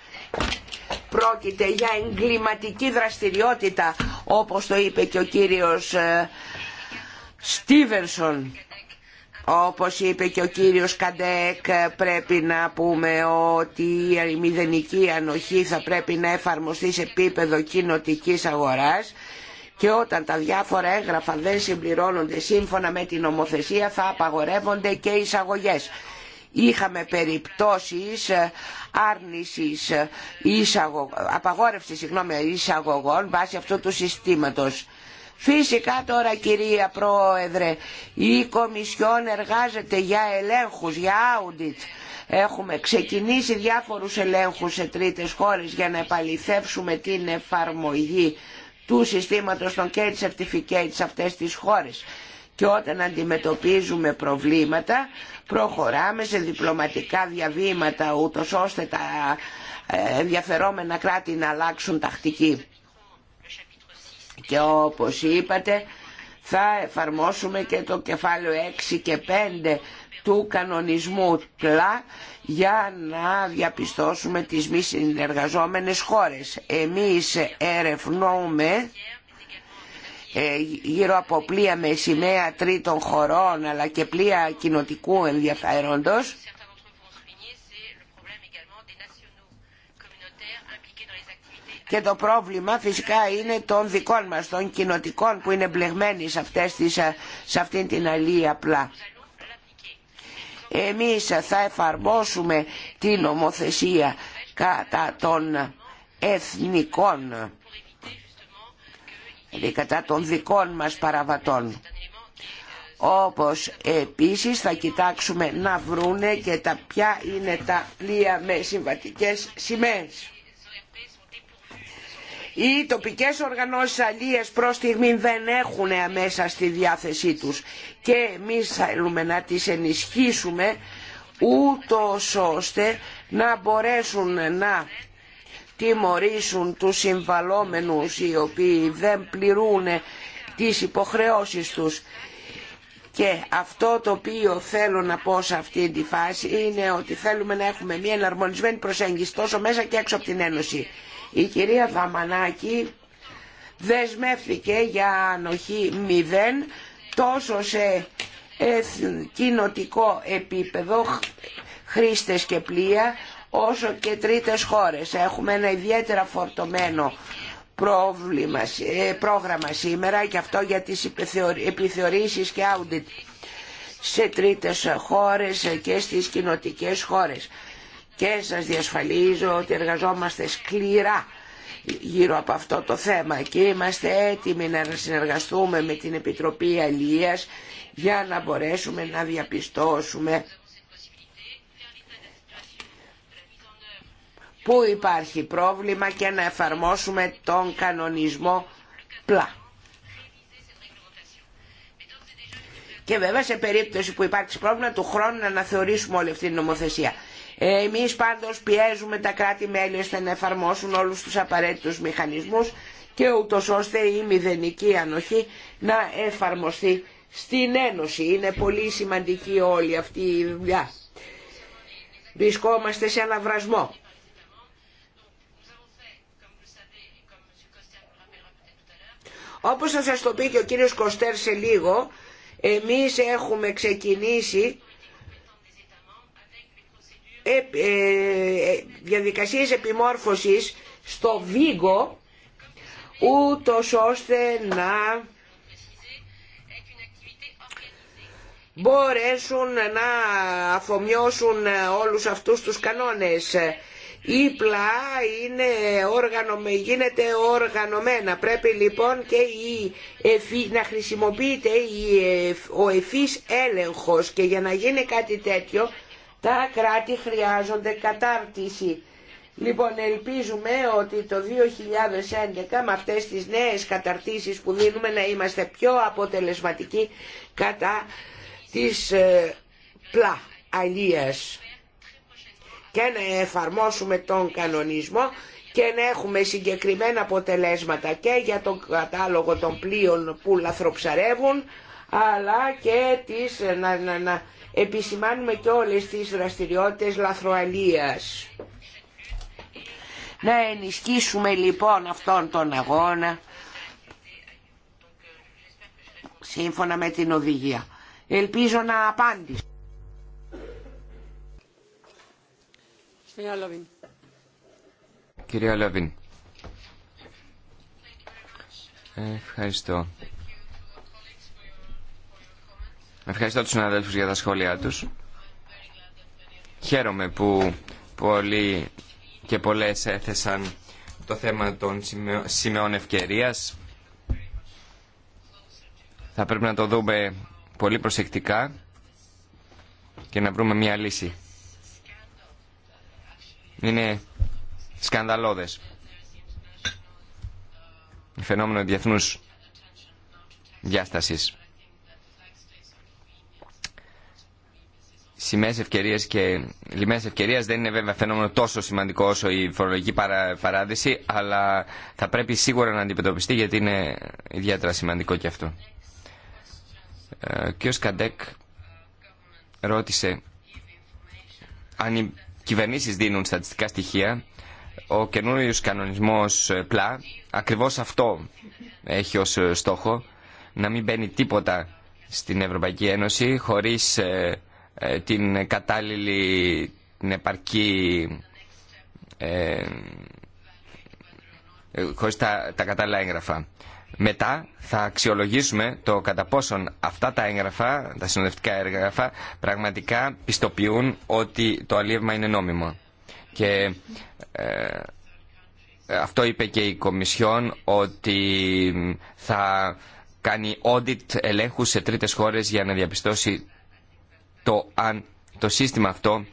πρόκειται για εγκληματική δραστηριότητα όπως το είπε και ο κύριος ε, Στίβενσον. Όπως είπε και ο κύριος Καντέκ πρέπει να πούμε ότι η μηδενική ανοχή θα πρέπει να εφαρμοστεί σε επίπεδο κοινοτική αγοράς και όταν τα διάφορα έγγραφα δεν συμπληρώνονται σύμφωνα με την νομοθεσία θα απαγορεύονται και εισαγωγές είχαμε περιπτώσεις ε, άρνησης απαγόρευση ε, απαγόρευσης συγγνώμη, εισαγωγών βάσει αυτού του συστήματος. Φυσικά τώρα κυρία Πρόεδρε η Κομισιόν εργάζεται για ελέγχους, για audit. Έχουμε ξεκινήσει διάφορους ελέγχους σε τρίτες χώρες για να επαληθεύσουμε την εφαρμογή του συστήματος των Kate Certificates σε αυτές τις χώρες. Και όταν αντιμετωπίζουμε προβλήματα προχωράμε σε διπλωματικά διαβήματα ούτως ώστε τα ε, ενδιαφερόμενα κράτη να αλλάξουν τακτική. Και όπως είπατε θα εφαρμόσουμε και το κεφάλαιο 6 και 5 του κανονισμού ΠΛΑ για να διαπιστώσουμε τις μη συνεργαζόμενες χώρες. Εμείς ερευνούμε ε, γύρω από πλοία με σημαία τρίτων χωρών αλλά και πλοία κοινοτικού ενδιαφέροντος και το πρόβλημα φυσικά είναι των δικών μας, των κοινοτικών που είναι μπλεγμένοι σε, αυτές τις, ε, σε αυτήν την αλή απλά. Εμείς θα εφαρμόσουμε την νομοθεσία κατά των εθνικών δηλαδή κατά των δικών μας παραβατών. Όπως επίσης θα κοιτάξουμε να βρούνε και τα ποια είναι τα πλοία με συμβατικές σημαίες. Οι τοπικές οργανώσεις αλίας προς στιγμή δεν έχουν αμέσα στη διάθεσή τους και εμείς θέλουμε να τις ενισχύσουμε ούτως ώστε να μπορέσουν να τιμωρήσουν τους συμβαλόμενους οι οποίοι δεν πληρούν τις υποχρεώσεις τους. Και αυτό το οποίο θέλω να πω σε αυτή τη φάση είναι ότι θέλουμε να έχουμε μια εναρμονισμένη προσέγγιση τόσο μέσα και έξω από την Ένωση. Η κυρία Δαμανάκη δεσμεύθηκε για ανοχή μηδέν τόσο σε κοινοτικό επίπεδο χρήστες και πλοία όσο και τρίτες χώρες. Έχουμε ένα ιδιαίτερα φορτωμένο πρόβλημα, ε, πρόγραμμα σήμερα και αυτό για τις επιθεωρήσεις και audit σε τρίτες χώρες και στις κοινοτικές χώρες. Και σας διασφαλίζω ότι εργαζόμαστε σκληρά γύρω από αυτό το θέμα και είμαστε έτοιμοι να συνεργαστούμε με την Επιτροπή Αλίας για να μπορέσουμε να διαπιστώσουμε που υπάρχει πρόβλημα και να εφαρμόσουμε τον κανονισμό πλά. Και βέβαια σε περίπτωση που υπάρχει πρόβλημα του χρόνου να αναθεωρήσουμε όλη αυτή την νομοθεσία. Εμείς πάντως πιέζουμε τα κράτη-μέλη ώστε να εφαρμόσουν όλους τους απαραίτητους μηχανισμούς και ούτω ώστε η μηδενική ανοχή να εφαρμοστεί στην Ένωση. Είναι πολύ σημαντική όλη αυτή η δουλειά. Βρισκόμαστε σε αναβρασμό. Όπως θα σας το πει και ο κύριος Κοστέρ σε λίγο, εμείς έχουμε ξεκινήσει ε, ε, διαδικασίες επιμόρφωσης στο Βίγκο ούτως ώστε να μπορέσουν να αφομοιώσουν όλους αυτούς τους κανόνες ή πλά είναι όργανο, γίνεται οργανωμένα. Πρέπει λοιπόν και η, να χρησιμοποιείται ο εφής έλεγχος και για να γίνει κάτι τέτοιο τα κράτη χρειάζονται κατάρτιση. Λοιπόν, ελπίζουμε ότι το 2011 με αυτές τις νέες καταρτήσεις που δίνουμε να είμαστε πιο αποτελεσματικοί κατά της ε, πλα αλίας και να εφαρμόσουμε τον κανονισμό και να έχουμε συγκεκριμένα αποτελέσματα και για τον κατάλογο των πλοίων που λαθροψαρεύουν αλλά και τις, να, να, επισημάνουμε και όλες τις δραστηριότητες λαθροαλίας. Να ενισχύσουμε λοιπόν αυτόν τον αγώνα σύμφωνα με την οδηγία. Ελπίζω να απάντησε. Κυρία Λόβιν. Ευχαριστώ. Ευχαριστώ τους συναδέλφους για τα σχόλιά τους. Χαίρομαι που πολλοί και πολλές έθεσαν το θέμα των σημεών ευκαιρίας. Θα πρέπει να το δούμε πολύ προσεκτικά και να βρούμε μια λύση. Είναι σκανδαλώδες. Φαινόμενο διεθνούς διάστασης. σημαίες ευκαιρίες και λιμές ευκαιρίες δεν είναι βέβαια φαινόμενο τόσο σημαντικό όσο η φορολογική παράδειση, αλλά θα πρέπει σίγουρα να αντιμετωπιστεί γιατί είναι ιδιαίτερα σημαντικό και αυτό. Ε, ο κ. Καντέκ ρώτησε αν κυβερνήσεις δίνουν στατιστικά στοιχεία, ο καινούριο κανονισμός ε, ΠΛΑ ακριβώς αυτό έχει ως ε, στόχο, να μην μπαίνει τίποτα στην Ευρωπαϊκή Ένωση χωρίς ε, την κατάλληλη, την επαρκή, τα, τα κατάλληλα έγγραφα. Μετά θα αξιολογήσουμε το κατά πόσον αυτά τα έγγραφα, τα συνοδευτικά έγγραφα, πραγματικά πιστοποιούν ότι το αλίευμα είναι νόμιμο. Και ε, αυτό είπε και η Κομισιόν ότι θα κάνει audit ελέγχου σε τρίτες χώρες για να διαπιστώσει το αν το σύστημα αυτό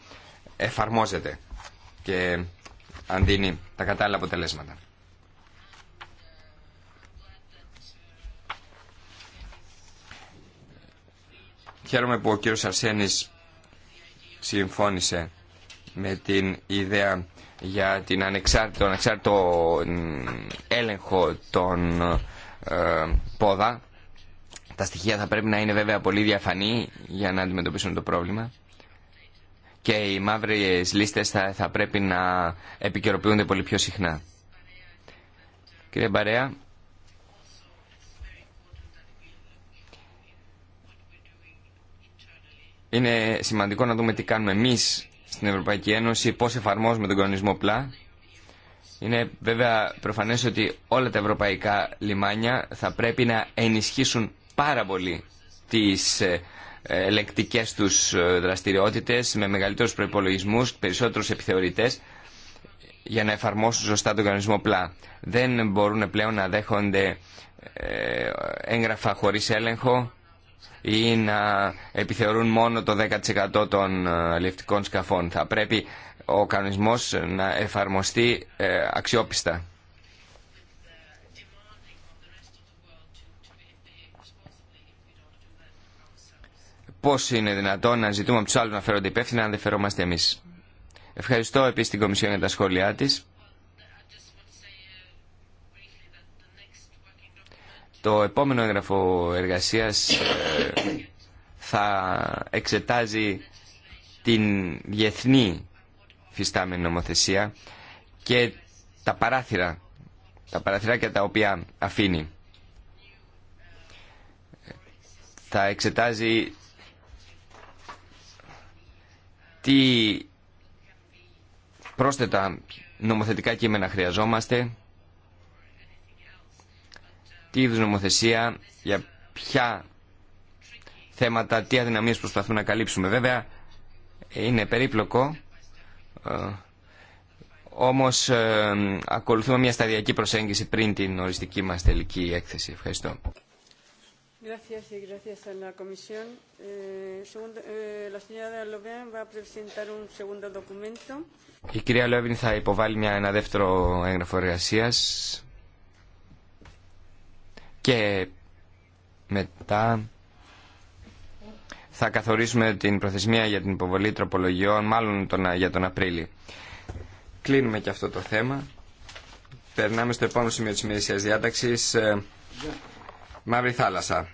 εφαρμόζεται και αν δίνει τα κατάλληλα αποτελέσματα. Χαίρομαι που ο κύριο Αρσένη συμφώνησε με την ιδέα για την ανεξάρτητο, ανεξάρτητο έλεγχο των ε, πόδα. Τα στοιχεία θα πρέπει να είναι βέβαια πολύ διαφανή για να αντιμετωπίσουν το πρόβλημα. Και οι μαύρες λίστες θα, θα πρέπει να επικαιροποιούνται πολύ πιο συχνά. Κύριε Μπαρέα, Είναι σημαντικό να δούμε τι κάνουμε εμεί στην Ευρωπαϊκή Ένωση, πώ εφαρμόζουμε τον κανονισμό πλά. Είναι βέβαια προφανές ότι όλα τα ευρωπαϊκά λιμάνια θα πρέπει να ενισχύσουν πάρα πολύ τις ε, ελεκτικέ τους ε, δραστηριότητες με μεγαλύτερους προπολογισμού, περισσότερου επιθεωρητές για να εφαρμόσουν σωστά τον κανονισμό πλά. Δεν μπορούν πλέον να δέχονται ε, έγγραφα χωρίς έλεγχο ή να επιθεωρούν μόνο το 10% των αλληλευτικών ε, σκαφών. Θα πρέπει ο κανονισμός να εφαρμοστεί ε, αξιόπιστα. Πώς είναι δυνατόν να ζητούμε από τους άλλους να φέρονται υπεύθυνα αν δεν φερόμαστε εμείς. Ευχαριστώ επίσης την Κομισιόν για τα σχόλιά της. Το επόμενο έγγραφο εργασίας ε, θα εξετάζει την διεθνή φυστάμενη νομοθεσία και τα παράθυρα, τα και τα οποία αφήνει. Θα εξετάζει τι πρόσθετα νομοθετικά κείμενα χρειαζόμαστε τι είδους νομοθεσία, για ποια θέματα, τι αδυναμίες προσπαθούμε να καλύψουμε. Βέβαια, είναι περίπλοκο, ε, όμως ε, ακολουθούμε μια σταδιακή προσέγγιση πριν την οριστική μας τελική έκθεση. Ευχαριστώ. Η κυρία Λόβιν θα υποβάλει μια, ένα δεύτερο έγγραφο εργασίας και μετά θα καθορίσουμε την προθεσμία για την υποβολή τροπολογιών, μάλλον για τον Απρίλιο. Κλείνουμε και αυτό το θέμα. Περνάμε στο επόμενο σημείο της ημερησίας διάταξης. Ε, Μαύρη θάλασσα.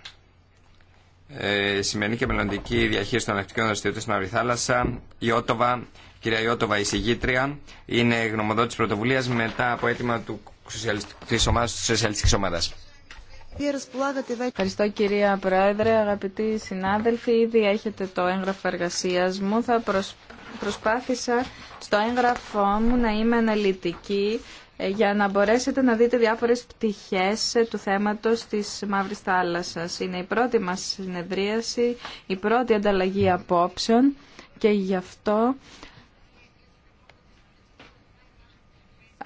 Ε, σημερινή και μελλοντική διαχείριση των ανακτικών δραστηριοτήτων στη Μαύρη Θάλασσα. Η Ότοβα, κυρία Ιώτοβα, η συγγήτρια, είναι γνωμοδότη πρωτοβουλία μετά από αίτημα του, της ομάδας, Ευχαριστώ κυρία Πρόεδρε, αγαπητοί συνάδελφοι. Ήδη έχετε το έγγραφο εργασία μου. Θα προσπάθησα στο έγγραφό μου να είμαι αναλυτική ε, για να μπορέσετε να δείτε διάφορες πτυχές ε, του θέματος της Μαύρης Θάλασσας. Είναι η πρώτη μας συνεδρίαση, η πρώτη ανταλλαγή απόψεων και γι' αυτό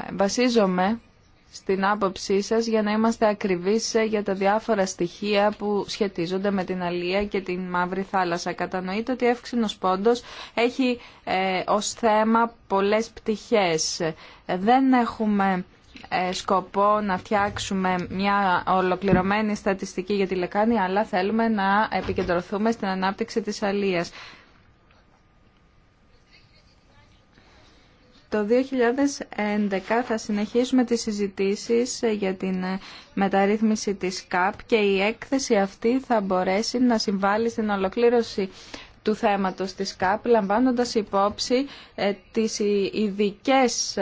ε, βασίζομαι στην άποψή σας για να είμαστε ακριβείς για τα διάφορα στοιχεία που σχετίζονται με την αλία και την μαύρη θάλασσα. Κατανοείται ότι εύξηνος πόντος έχει ε, ως θέμα πολλές πτυχές. Δεν έχουμε ε, σκοπό να φτιάξουμε μια ολοκληρωμένη στατιστική για τη λεκάνη, αλλά θέλουμε να επικεντρωθούμε στην ανάπτυξη της αλίας. Το 2011 θα συνεχίσουμε τις συζητήσεις ε, για την ε, μεταρρύθμιση της ΚΑΠ και η έκθεση αυτή θα μπορέσει να συμβάλλει στην ολοκλήρωση του θέματος της ΚΑΠ λαμβάνοντας υπόψη ε, τις ειδικές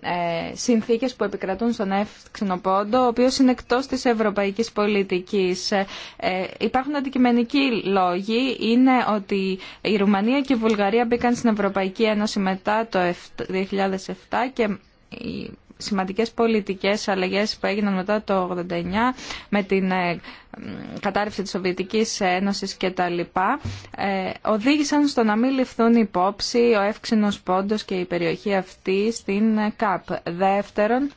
ε, συνθήκες που επικρατούν στον εύξηνο πόντο, ο οποίος είναι εκτός της ευρωπαϊκής πολιτικής. Ε, ε, υπάρχουν αντικειμενικοί λόγοι. Είναι ότι η Ρουμανία και η Βουλγαρία μπήκαν στην Ευρωπαϊκή Ένωση μετά το 2007 και σημαντικές πολιτικές αλλαγές που έγιναν μετά το 89 με την ε, κατάρρευση της Σοβιετικής Ένωσης και τα λοιπά ε, οδήγησαν στο να μην ληφθούν υπόψη ο εύξηνος πόντος και η περιοχή αυτή στην ΚΑΠ. Δεύτερον,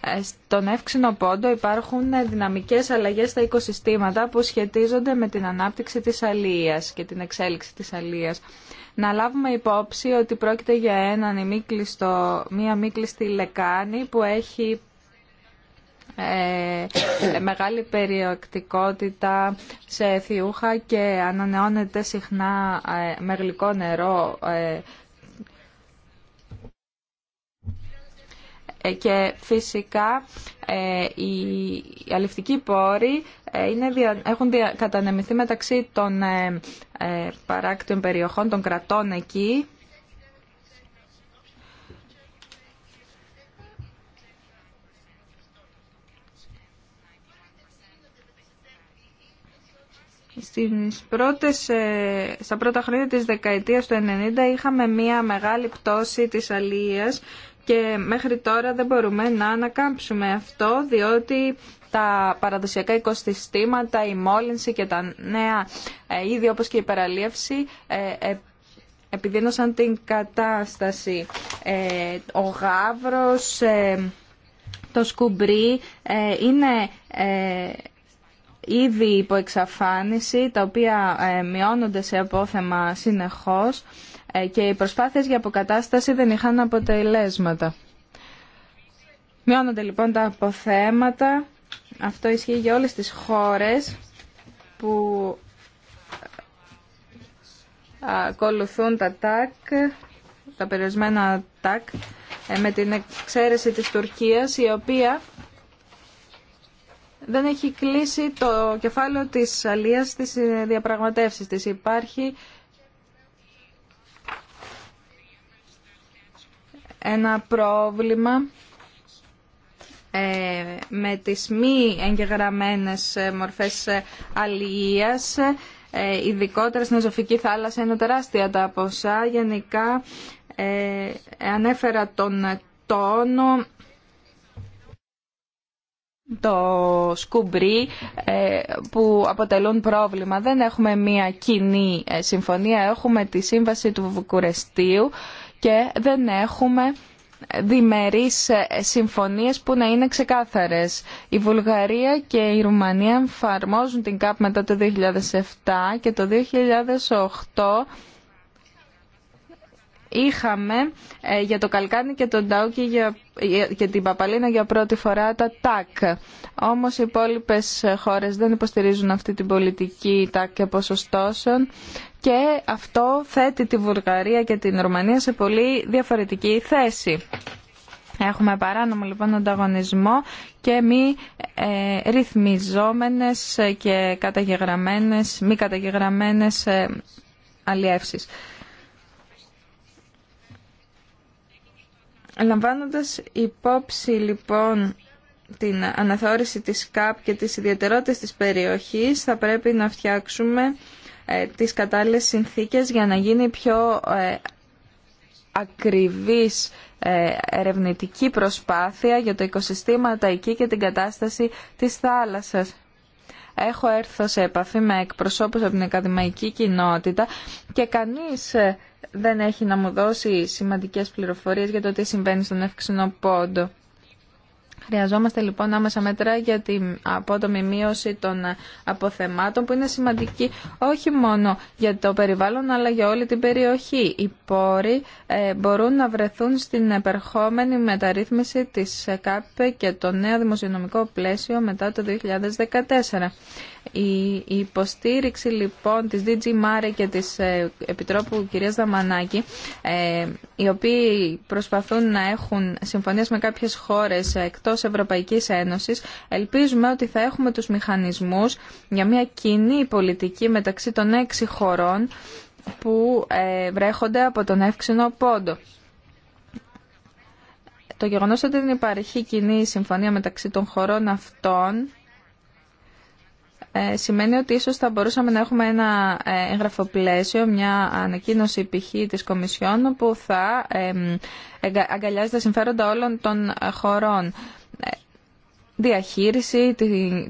ε, στον εύξηνο πόντο υπάρχουν δυναμικές αλλαγές στα οικοσυστήματα που σχετίζονται με την ανάπτυξη της αλίας και την εξέλιξη της αλίας να λάβουμε υπόψη ότι πρόκειται για έναν μία μη λεκάνη που έχει ε, μεγάλη περιοκτικότητα σε θιούχα και ανανεώνεται συχνά ε, με γλυκό νερό ε, Ε, και φυσικά ε, οι αληφτικοί πόροι ε, είναι, έχουν κατανεμηθεί μεταξύ των παράκτιων περιοχών, των κρατών εκεί. Στις πρώτες, στα πρώτα χρόνια της δεκαετίας του 90 είχαμε μία μεγάλη πτώση της αλίας και μέχρι τώρα δεν μπορούμε να ανακάμψουμε αυτό διότι τα παραδοσιακά οικοσυστήματα, η μόλυνση και τα νέα ε, είδη όπως και η παραλίευση ε, ε, επιδίνωσαν την κατάσταση. Ο γάβρος, το σκουμπρί είναι είδη υποεξαφάνιση τα οποία μειώνονται σε απόθεμα συνεχώς ε, και οι προσπάθειες για αποκατάσταση δεν είχαν αποτελέσματα. Μειώνονται λοιπόν τα αποθέματα. Αυτό ισχύει για όλες τις χώρες που ακολουθούν τα ΤΑΚ, τα περιορισμένα ΤΑΚ, ε, με την εξαίρεση της Τουρκίας, η οποία δεν έχει κλείσει το κεφάλαιο της αλίας της διαπραγματεύσεις της. Υπάρχει ένα πρόβλημα ε, με τις μη εγγεγραμμένες ε, μορφές ε, αλληλείας, ειδικότερα στην Ζωφική θάλασσα, είναι τεράστια τα ποσά. Γενικά ανέφερα τον τόνο, το σκουμπρί που αποτελούν πρόβλημα. Δεν έχουμε μία κοινή συμφωνία, έχουμε τη σύμβαση του Βουκουρεστίου και δεν έχουμε διμερείς ε, συμφωνίες που να είναι ξεκάθαρες. Η Βουλγαρία και η Ρουμανία εφαρμόζουν την ΚΑΠ μετά το 2007 και το 2008 είχαμε ε, για το Καλκάνι και τον Ταούκι και, για, ε, και την Παπαλίνα για πρώτη φορά τα ΤΑΚ. Όμως οι υπόλοιπε χώρες δεν υποστηρίζουν αυτή την πολιτική ΤΑΚ και ποσοστώσεων και αυτό θέτει τη Βουλγαρία και την Ρουμανία σε πολύ διαφορετική θέση. Έχουμε παράνομο λοιπόν ανταγωνισμό και μη ε, ρυθμιζόμενες και καταγεγραμμένες, μη καταγεγραμμένες ε, αλλιεύσεις. Λαμβάνοντας υπόψη λοιπόν την αναθεώρηση της ΚΑΠ και τις ιδιαιτερότητες της περιοχής θα πρέπει να φτιάξουμε ε, τις κατάλληλες συνθήκες για να γίνει πιο ε, ακριβής ε, ερευνητική προσπάθεια για το οικοσυστήματα εκεί και την κατάσταση της θάλασσας. Έχω έρθω σε επαφή με εκπροσώπους από την ακαδημαϊκή κοινότητα και κανείς δεν έχει να μου δώσει σημαντικές πληροφορίες για το τι συμβαίνει στον εύξηνο πόντο. Χρειαζόμαστε λοιπόν άμεσα μέτρα για την απότομη μείωση των αποθεμάτων που είναι σημαντική όχι μόνο για το περιβάλλον αλλά για όλη την περιοχή. Οι πόροι ε, μπορούν να βρεθούν στην επερχόμενη μεταρρύθμιση της ΚΑΠΕ και το νέο δημοσιονομικό πλαίσιο μετά το 2014. Η υποστήριξη λοιπόν της DG Mare και της ε, Επιτρόπου κυρίας Δαμανάκη ε, οι οποίοι προσπαθούν να έχουν συμφωνίες με κάποιες χώρες εντός Ευρωπαϊκής Ένωσης. Ελπίζουμε ότι θα έχουμε τους μηχανισμούς για μια κοινή πολιτική μεταξύ των έξι χωρών που ε, βρέχονται από τον εύξηνο πόντο. Το γεγονός ότι δεν υπάρχει κοινή συμφωνία μεταξύ των χωρών αυτών ε, σημαίνει ότι ίσως θα μπορούσαμε να έχουμε ένα ε, έγγραφο μια ανακοίνωση π.χ. της Κομισιόν που θα αγκαλιάζει τα συμφέροντα όλων των χωρών διαχείριση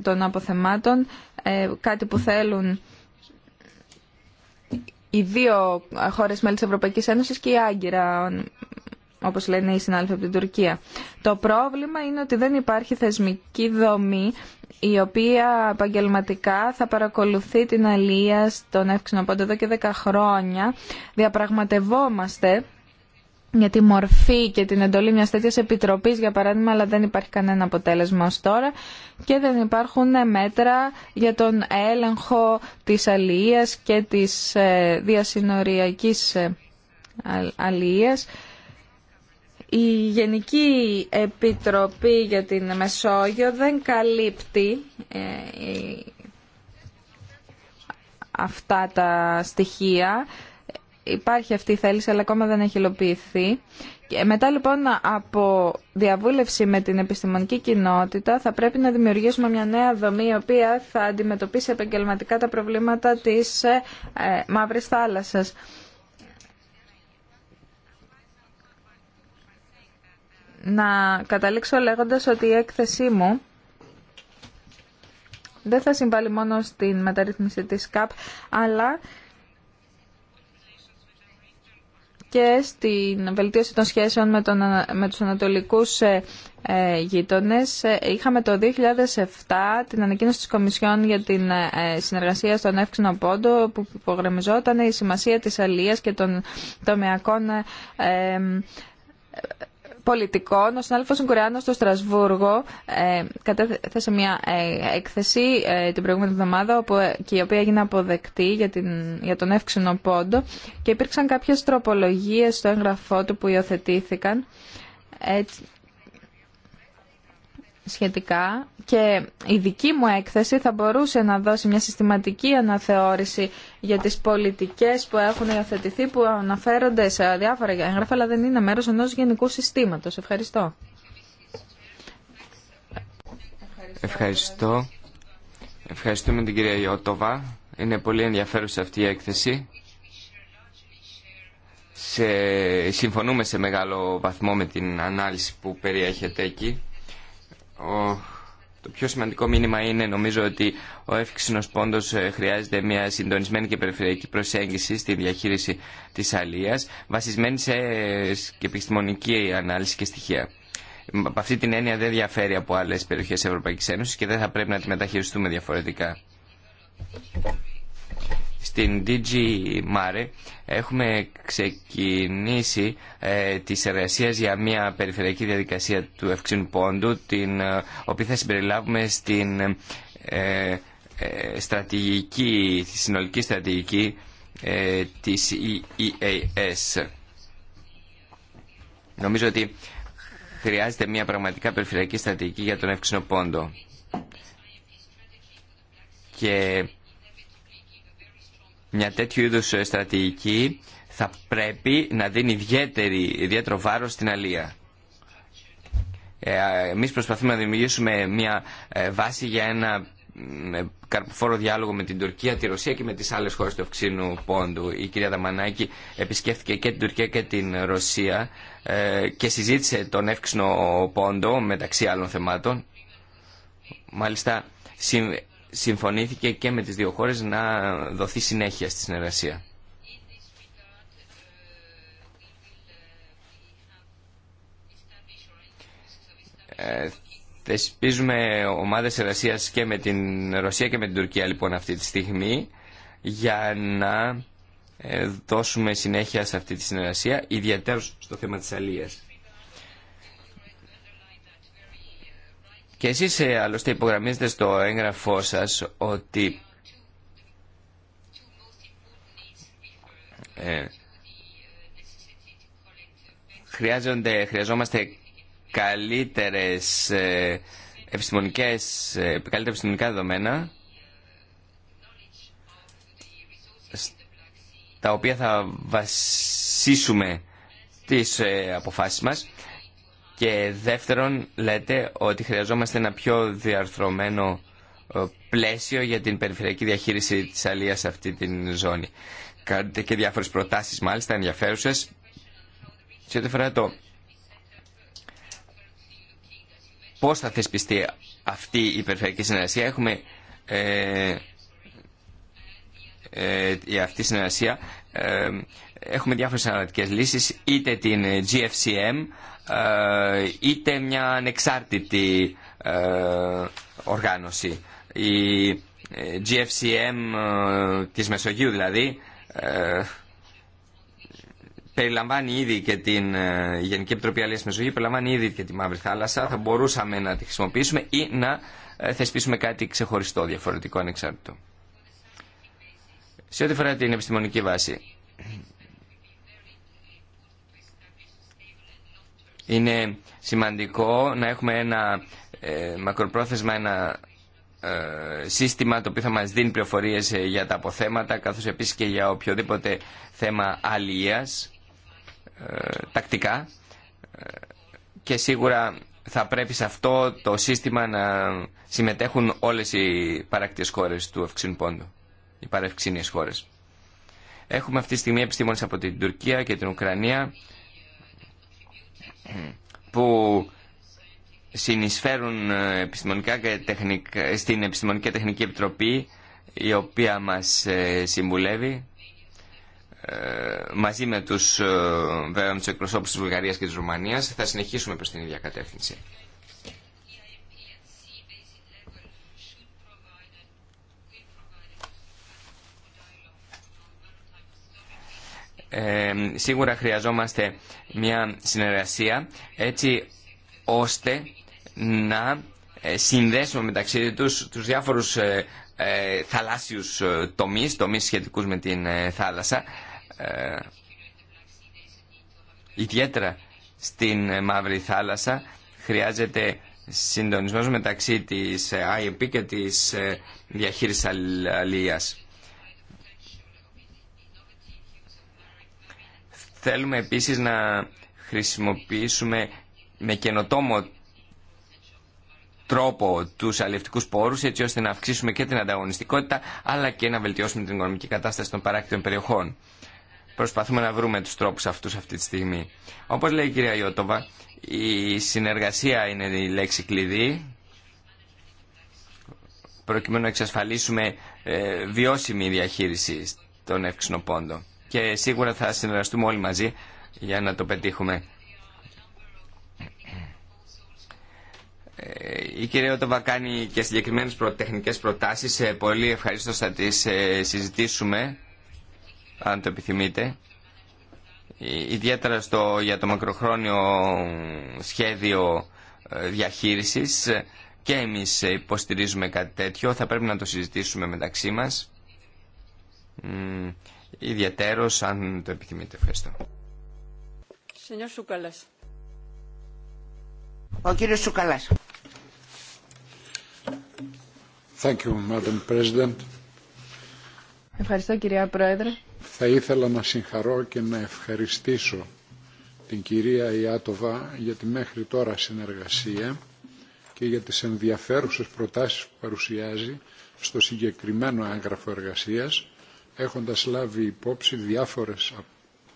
των αποθεμάτων, ε, κάτι που θέλουν οι δύο χώρες μέλη της Ευρωπαϊκής Ένωσης και η Άγκυρα, όπως λένε οι συνάδελφοι από την Τουρκία. Το πρόβλημα είναι ότι δεν υπάρχει θεσμική δομή η οποία επαγγελματικά θα παρακολουθεί την αλία στον Εύξηνο Πόντο εδώ και δέκα χρόνια. Διαπραγματευόμαστε για τη μορφή και την εντολή μιας τέτοιας επιτροπής, για παράδειγμα, αλλά δεν υπάρχει κανένα αποτέλεσμα ως τώρα και δεν υπάρχουν μέτρα για τον έλεγχο της αλληλείας και της ε, διασυνοριακής ε, αλληλείας. Η Γενική Επιτροπή για την Μεσόγειο δεν καλύπτει ε, αυτά τα στοιχεία υπάρχει αυτή η θέληση αλλά ακόμα δεν έχει υλοποιηθεί. μετά λοιπόν από διαβούλευση με την επιστημονική κοινότητα θα πρέπει να δημιουργήσουμε μια νέα δομή η οποία θα αντιμετωπίσει επαγγελματικά τα προβλήματα της ε, Μαύρης Θάλασσας. Να καταλήξω λέγοντας ότι η έκθεσή μου δεν θα συμβάλλει μόνο στην μεταρρύθμιση της ΚΑΠ αλλά και στην βελτίωση των σχέσεων με, τον, με τους ανατολικούς ε, ε, γείτονες. Ε, είχαμε το 2007 την ανακοίνωση της Κομισιόν για την συνεργασία στον Εύξηνο Πόντο που υπογραμμιζόταν η σημασία της αλίας και των τομεακών πολιτικών, ο συνάδελφος Κουρεάνο στο Στρασβούργο ε, κατέθεσε μια ε, έκθεση ε, την προηγούμενη εβδομάδα και η οποία έγινε αποδεκτή για, την, για τον εύξηνο πόντο και υπήρξαν κάποιες τροπολογίες στο έγγραφό του που υιοθετήθηκαν έτσι, σχετικά και η δική μου έκθεση θα μπορούσε να δώσει μια συστηματική αναθεώρηση για τις πολιτικές που έχουν υιοθετηθεί που αναφέρονται σε διάφορα έγγραφα αλλά δεν είναι μέρος ενός γενικού συστήματος. Ευχαριστώ. Ευχαριστώ. Ευχαριστούμε την κυρία Ιώτοβα. Είναι πολύ ενδιαφέρουσα αυτή η έκθεση. Σε... Συμφωνούμε σε μεγάλο βαθμό με την ανάλυση που περιέχεται εκεί το πιο σημαντικό μήνυμα είναι νομίζω ότι ο εύξηνος πόντος ε, χρειάζεται μια συντονισμένη και περιφερειακή προσέγγιση στη διαχείριση της αλίας βασισμένη σε επιστημονική ανάλυση και στοιχεία. Από αυτή την έννοια δεν διαφέρει από άλλες περιοχές Ευρωπαϊκής Ένωσης και δεν θα πρέπει να τη μεταχειριστούμε διαφορετικά. Στην DG Mare έχουμε ξεκινήσει ε, τις εργασίες για μια περιφερειακή διαδικασία του Ευξήνου Πόντου, την ε, οποία θα συμπεριλάβουμε στην ε, ε, στρατηγική, στη συνολική στρατηγική της EAS. Νομίζω ότι χρειάζεται μια πραγματικά περιφερειακή στρατηγική για τον Ευξήνο Πόντο. Και μια τέτοιου είδους ε, στρατηγική θα πρέπει να δίνει ιδιαίτερη, ιδιαίτερο βάρος στην αλία. Ε, εμείς προσπαθούμε να δημιουργήσουμε μια ε, βάση για ένα καρποφόρο διάλογο με την Τουρκία, τη Ρωσία και με τις άλλες χώρες του Ευξήνου Πόντου. Η κυρία Δαμανάκη επισκέφθηκε και την Τουρκία και την Ρωσία και συζήτησε τον Ευξήνο Πόντο μεταξύ άλλων θεμάτων. Μάλιστα συμφωνήθηκε και με τις δύο χώρες να δοθεί συνέχεια στη συνεργασία. Ε, θεσπίζουμε ομάδες εργασίας και με την Ρωσία και με την Τουρκία λοιπόν αυτή τη στιγμή για να ε, δώσουμε συνέχεια σε αυτή τη συνεργασία, ιδιαίτερα στο θέμα της αλίας. Και εσείς ε, άλλωστε υπογραμμίζετε στο έγγραφό σας ότι ε, χρειάζονται, χρειαζόμαστε καλύτερες ε, επιστημονικές, καλύτερα επιστημονικά δεδομένα τα οποία θα βασίσουμε τις ε, αποφάσεις μας και δεύτερον, λέτε ότι χρειαζόμαστε ένα πιο διαρθρωμένο ε, πλαίσιο για την περιφερειακή διαχείριση της αλίας σε αυτή την ζώνη. Κάνετε και διάφορες προτάσεις μάλιστα ενδιαφέρουσες. Σε ό,τι φορά το πώς θα θεσπιστεί αυτή η περιφερειακή συνεργασία. Έχουμε ε, ε, αυτή η συνεργασία ε, έχουμε διάφορες αναλυτικές λύσεις, είτε την GFCM, ε, είτε μια ανεξάρτητη ε, οργάνωση. Η ε, GFCM της Μεσογείου δηλαδή περιλαμβάνει ήδη και την Γενική Επιτροπή Αλίας Μεσογείου, περιλαμβάνει ήδη και τη Μαύρη Θάλασσα, θα μπορούσαμε να τη χρησιμοποιήσουμε ή να θεσπίσουμε κάτι ξεχωριστό, διαφορετικό, ανεξάρτητο. Σε ό,τι φορά την επιστημονική βάση, Είναι σημαντικό να έχουμε ένα ε, μακροπρόθεσμα, ένα ε, σύστημα το οποίο θα μας δίνει πληροφορίες ε, για τα αποθέματα καθώς επίσης και για οποιοδήποτε θέμα αλίας τακτικά και σίγουρα θα πρέπει σε αυτό το σύστημα να συμμετέχουν όλες οι παράκτιες χώρες του Ευξήνου Πόντου, οι παρευξήνιες χώρες. Έχουμε αυτή τη στιγμή επιστήμονες από την Τουρκία και την Ουκρανία που συνεισφέρουν ε, επιστημονικά και στην Επιστημονική Τεχνική Επιτροπή η οποία μας ε, συμβουλεύει ε, μαζί με τους, βέβαια, με τους εκπροσώπους της Βουλγαρίας και της Ρουμανίας θα συνεχίσουμε προς την ίδια κατεύθυνση. σίγουρα χρειαζόμαστε μια συνεργασία έτσι ώστε να ε, συνδέσουμε μεταξύ τους τους διάφορους ε, ε, θαλάσσιους ε, τομείς, τομείς σχετικούς με την ε, θάλασσα. Ιδιαίτερα στην Μαύρη Θάλασσα χρειάζεται συντονισμός μεταξύ της IEP και της διαχείρισης αλληλείας. Θέλουμε επίσης να χρησιμοποιήσουμε με καινοτόμο τρόπο τους αλληλευτικούς πόρους έτσι ώστε να αυξήσουμε και την ανταγωνιστικότητα αλλά και να βελτιώσουμε την οικονομική κατάσταση των παράκτητων περιοχών. Προσπαθούμε να βρούμε τους τρόπους αυτούς αυτή τη στιγμή. Όπως λέει η κυρία Ιώτοβα, η συνεργασία είναι η λέξη κλειδί προκειμένου να εξασφαλίσουμε ε, βιώσιμη διαχείριση των πόντων και σίγουρα θα συνεργαστούμε όλοι μαζί για να το πετύχουμε. Ε, η κυρία Ότοβα κάνει και συγκεκριμένε τεχνικέ προτάσει. Ε, πολύ ευχαρίστω θα τι ε, συζητήσουμε, αν το επιθυμείτε. Ιδιαίτερα στο, για το μακροχρόνιο σχέδιο διαχείριση. και εμεί υποστηρίζουμε κάτι τέτοιο. Θα πρέπει να το συζητήσουμε μεταξύ μα ιδιαίτερος αν το επιθυμείτε. Ευχαριστώ. Ο κύριος Σουκαλάς. Thank you, Madam President. Ευχαριστώ κυρία Πρόεδρε. Θα ήθελα να συγχαρώ και να ευχαριστήσω την κυρία Ιάτοβα για τη μέχρι τώρα συνεργασία και για τις ενδιαφέρουσες προτάσεις που παρουσιάζει στο συγκεκριμένο άγγραφο εργασίας έχοντας λάβει υπόψη διάφορες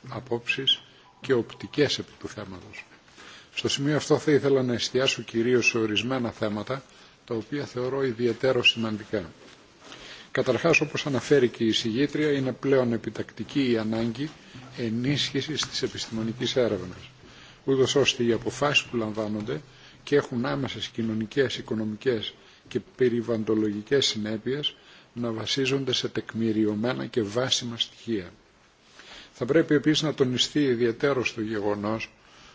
απόψεις και οπτικές επί του θέματος. Στο σημείο αυτό θα ήθελα να εστιάσω κυρίως σε ορισμένα θέματα, τα οποία θεωρώ ιδιαίτερο σημαντικά. Καταρχάς, όπως αναφέρει και η συγγήτρια, είναι πλέον επιτακτική η ανάγκη ενίσχυσης της επιστημονικής έρευνας, ούτως ώστε οι αποφάσεις που λαμβάνονται και έχουν άμεσες κοινωνικές, οικονομικές και περιβαντολογικές συνέπειες να βασίζονται σε τεκμηριωμένα και βάσιμα στοιχεία. Θα πρέπει επίσης να τονιστεί ιδιαίτερο το γεγονός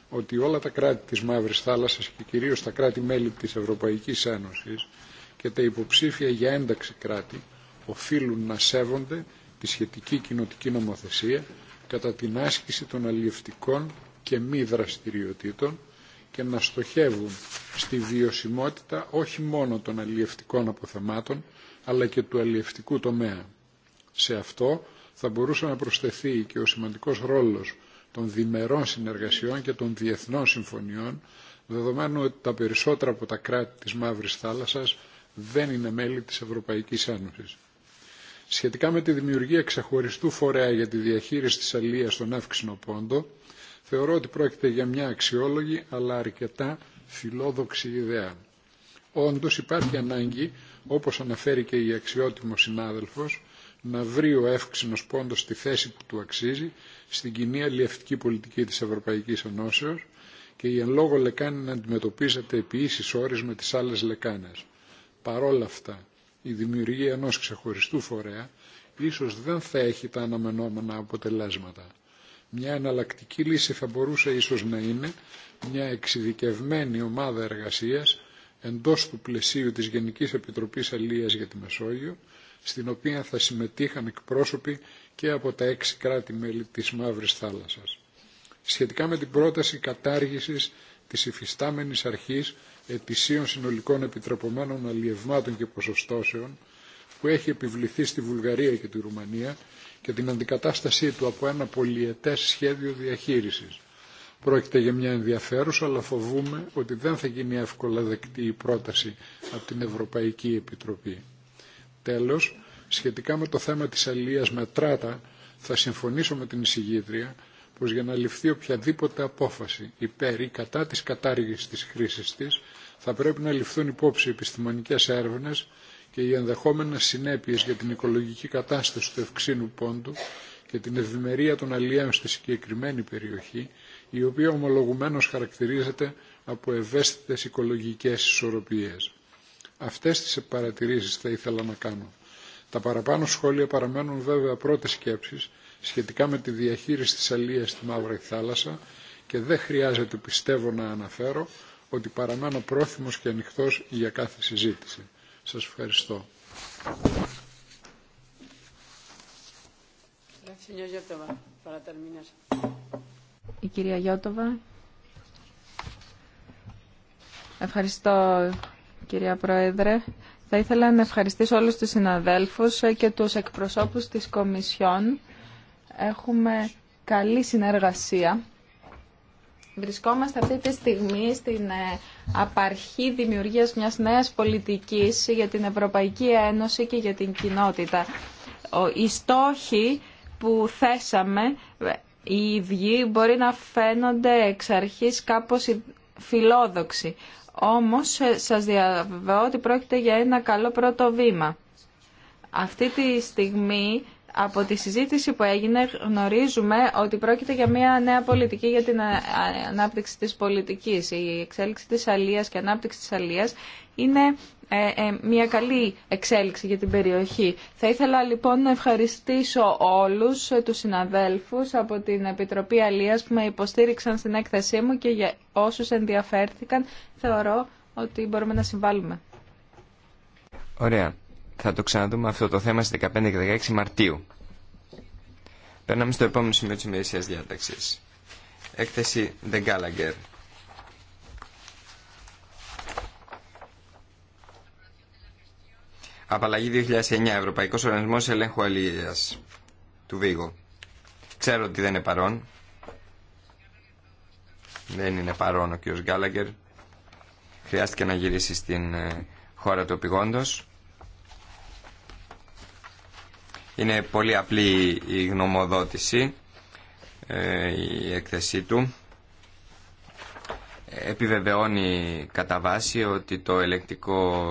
ότι όλα τα κράτη της Μαύρης Θάλασσας και κυρίως τα κράτη-μέλη της Ευρωπαϊκής Ένωσης και τα υποψήφια για ένταξη κράτη οφείλουν να σέβονται τη σχετική κοινοτική νομοθεσία κατά την άσκηση των αλλιευτικών και μη δραστηριοτήτων και να στοχεύουν στη βιωσιμότητα όχι μόνο των αλλιευτικών αποθεμάτων αλλά και του αλλιευτικού τομέα. Σε αυτό θα μπορούσε να προσθεθεί και ο σημαντικός ρόλος των διμερών συνεργασιών και των διεθνών συμφωνιών, δεδομένου ότι τα περισσότερα από τα κράτη της Μαύρης Θάλασσας δεν είναι μέλη της Ευρωπαϊκής Ένωσης. Σχετικά με τη δημιουργία ξεχωριστού φορέα για τη διαχείριση της αλίας στον αύξηνο Πόντο, θεωρώ ότι πρόκειται για μια αξιόλογη αλλά αρκετά φιλόδοξη ιδέα. Όντως υπάρχει ανάγκη, όπως αναφέρει και η αξιότιμο συνάδελφος, να βρει ο εύξηνος πόντος τη θέση που του αξίζει στην κοινή αλλιευτική πολιτική της Ευρωπαϊκής Ενώσεω και η εν λόγω λεκάνη να αντιμετωπίζεται επί ίσης όρις με τις άλλες λεκάνες. Παρόλα αυτά, η δημιουργία ενός ξεχωριστού φορέα ίσως δεν θα έχει τα αναμενόμενα αποτελέσματα. Μια εναλλακτική λύση θα μπορούσε ίσως να είναι μια εξειδικευμένη ομάδα εργασίας εντός του πλαισίου της Γενικής Επιτροπής Αλίας για τη Μεσόγειο, στην οποία θα συμμετείχαν εκπρόσωποι και από τα έξι κράτη-μέλη της Μαύρης Θάλασσας. Σχετικά με την πρόταση κατάργησης της υφιστάμενης αρχής ετησίων συνολικών επιτροπομένων αλλιευμάτων και ποσοστώσεων, που έχει επιβληθεί στη Βουλγαρία και τη Ρουμανία και την αντικατάστασή του από ένα πολιετές σχέδιο διαχείρισης Πρόκειται για μια ενδιαφέρουσα, αλλά φοβούμε ότι δεν θα γίνει εύκολα δεκτή η πρόταση από την Ευρωπαϊκή Επιτροπή. Τέλος, σχετικά με το θέμα της αλληλεία με τράτα, θα συμφωνήσω με την εισηγήτρια πως για να ληφθεί οποιαδήποτε απόφαση υπέρ ή κατά της κατάργησης της χρήσης της, θα πρέπει να ληφθούν υπόψη επιστημονικές έρευνες και οι ενδεχόμενες συνέπειες για την οικολογική κατάσταση του ευξήνου πόντου και την ευημερία των αλλιέων στη συγκεκριμένη περιοχή, η οποία ομολογουμένως χαρακτηρίζεται από ευαίσθητες οικολογικές ισορροπίες. Αυτές τις παρατηρήσεις θα ήθελα να κάνω. Τα παραπάνω σχόλια παραμένουν βέβαια πρώτες σκέψεις σχετικά με τη διαχείριση της αλίας στη Μαύρη Θάλασσα και δεν χρειάζεται πιστεύω να αναφέρω ότι παραμένω πρόθυμος και ανοιχτός για κάθε συζήτηση. Σας ευχαριστώ. para η κυρία Γιώτοβα. Ευχαριστώ κυρία Πρόεδρε. Θα ήθελα να ευχαριστήσω όλους τους συναδέλφους και τους εκπροσώπους της Κομισιόν. Έχουμε καλή συνεργασία. Βρισκόμαστε αυτή τη στιγμή στην ε, απαρχή δημιουργίας μιας νέας πολιτικής για την Ευρωπαϊκή Ένωση και για την κοινότητα. Οι στόχοι που θέσαμε ε, οι ίδιοι μπορεί να φαίνονται εξ αρχής κάπως φιλόδοξοι. Όμως ε, σας διαβεβαιώ ότι πρόκειται για ένα καλό πρώτο βήμα. Αυτή τη στιγμή από τη συζήτηση που έγινε γνωρίζουμε ότι πρόκειται για μια νέα πολιτική για την ε, ανάπτυξη της πολιτικής. Η εξέλιξη της αλίας και ανάπτυξη της αλίας είναι ε, ε, μια καλή εξέλιξη για την περιοχή. Θα ήθελα λοιπόν να ευχαριστήσω όλους ε, τους συναδέλφους από την Επιτροπή Αλίας που με υποστήριξαν στην έκθεσή μου και για όσους ενδιαφέρθηκαν θεωρώ ότι μπορούμε να συμβάλλουμε. Ωραία. Θα το ξαναδούμε αυτό το θέμα στις 15 και 16 Μαρτίου. Περνάμε στο επόμενο σημείο της ημερησίας διάταξης. Έκθεση The Gallagher. Απαλλαγή 2009, Ευρωπαϊκός Οργανισμός Ελέγχου Αλληλείας του Βίγο. Ξέρω ότι δεν είναι παρόν. Δεν είναι παρόν ο κ. Γκάλαγκερ. Χρειάστηκε να γυρίσει στην ε, χώρα του πηγόντος. Είναι πολύ απλή η γνωμοδότηση, ε, η έκθεσή του επιβεβαιώνει κατά βάση ότι το ελεκτικό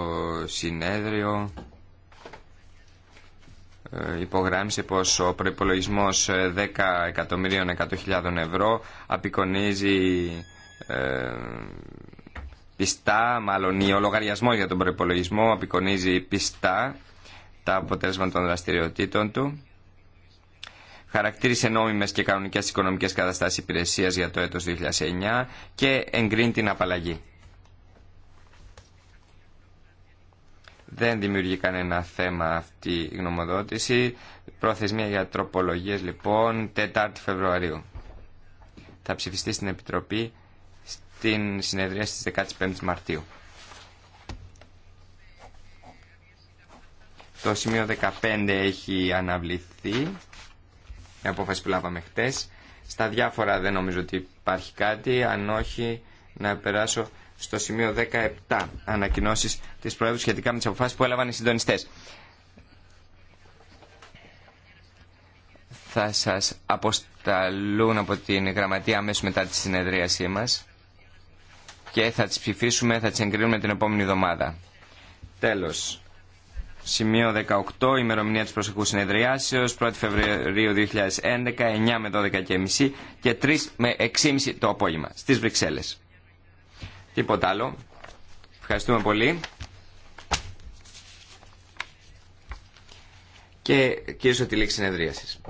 συνέδριο ε, υπογράμμισε πως ο προϋπολογισμός 10 ε, ευρώ απεικονίζει ε, πιστά, μάλλον ο λογαριασμό για τον προϋπολογισμό απεικονίζει πιστά τα αποτέλεσμα των δραστηριοτήτων του χαρακτήρισε νόμιμες και κανονικές οικονομικές καταστάσεις υπηρεσίας για το έτος 2009 και εγκρίνει την απαλλαγή. Δεν δημιουργεί κανένα θέμα αυτή η γνωμοδότηση. Προθεσμία για τροπολογίες λοιπόν 4 Φεβρουαρίου. Θα ψηφιστεί στην Επιτροπή στην συνεδρία στις 15 Μαρτίου. Το σημείο 15 έχει αναβληθεί η απόφαση που λάβαμε χτε. Στα διάφορα δεν νομίζω ότι υπάρχει κάτι, αν όχι να περάσω στο σημείο 17, ανακοινώσει της Προέδρου σχετικά με τις αποφάσεις που έλαβαν οι συντονιστές. Θα σας αποσταλούν από την γραμματεία αμέσω μετά τη συνεδρίασή μας και θα τις ψηφίσουμε, θα τι εγκρίνουμε την επόμενη εβδομάδα. Τέλος. Σημείο 18, ημερομηνία τη προσεχού συνεδριάσεως, 1η Φεβρουαρίου 2011, 9 με 12 και 3 με 6.30 το απόγευμα, στις Βρυξέλλες. Τίποτα άλλο. Ευχαριστούμε πολύ. Και κύριε ότι συνεδρίασης.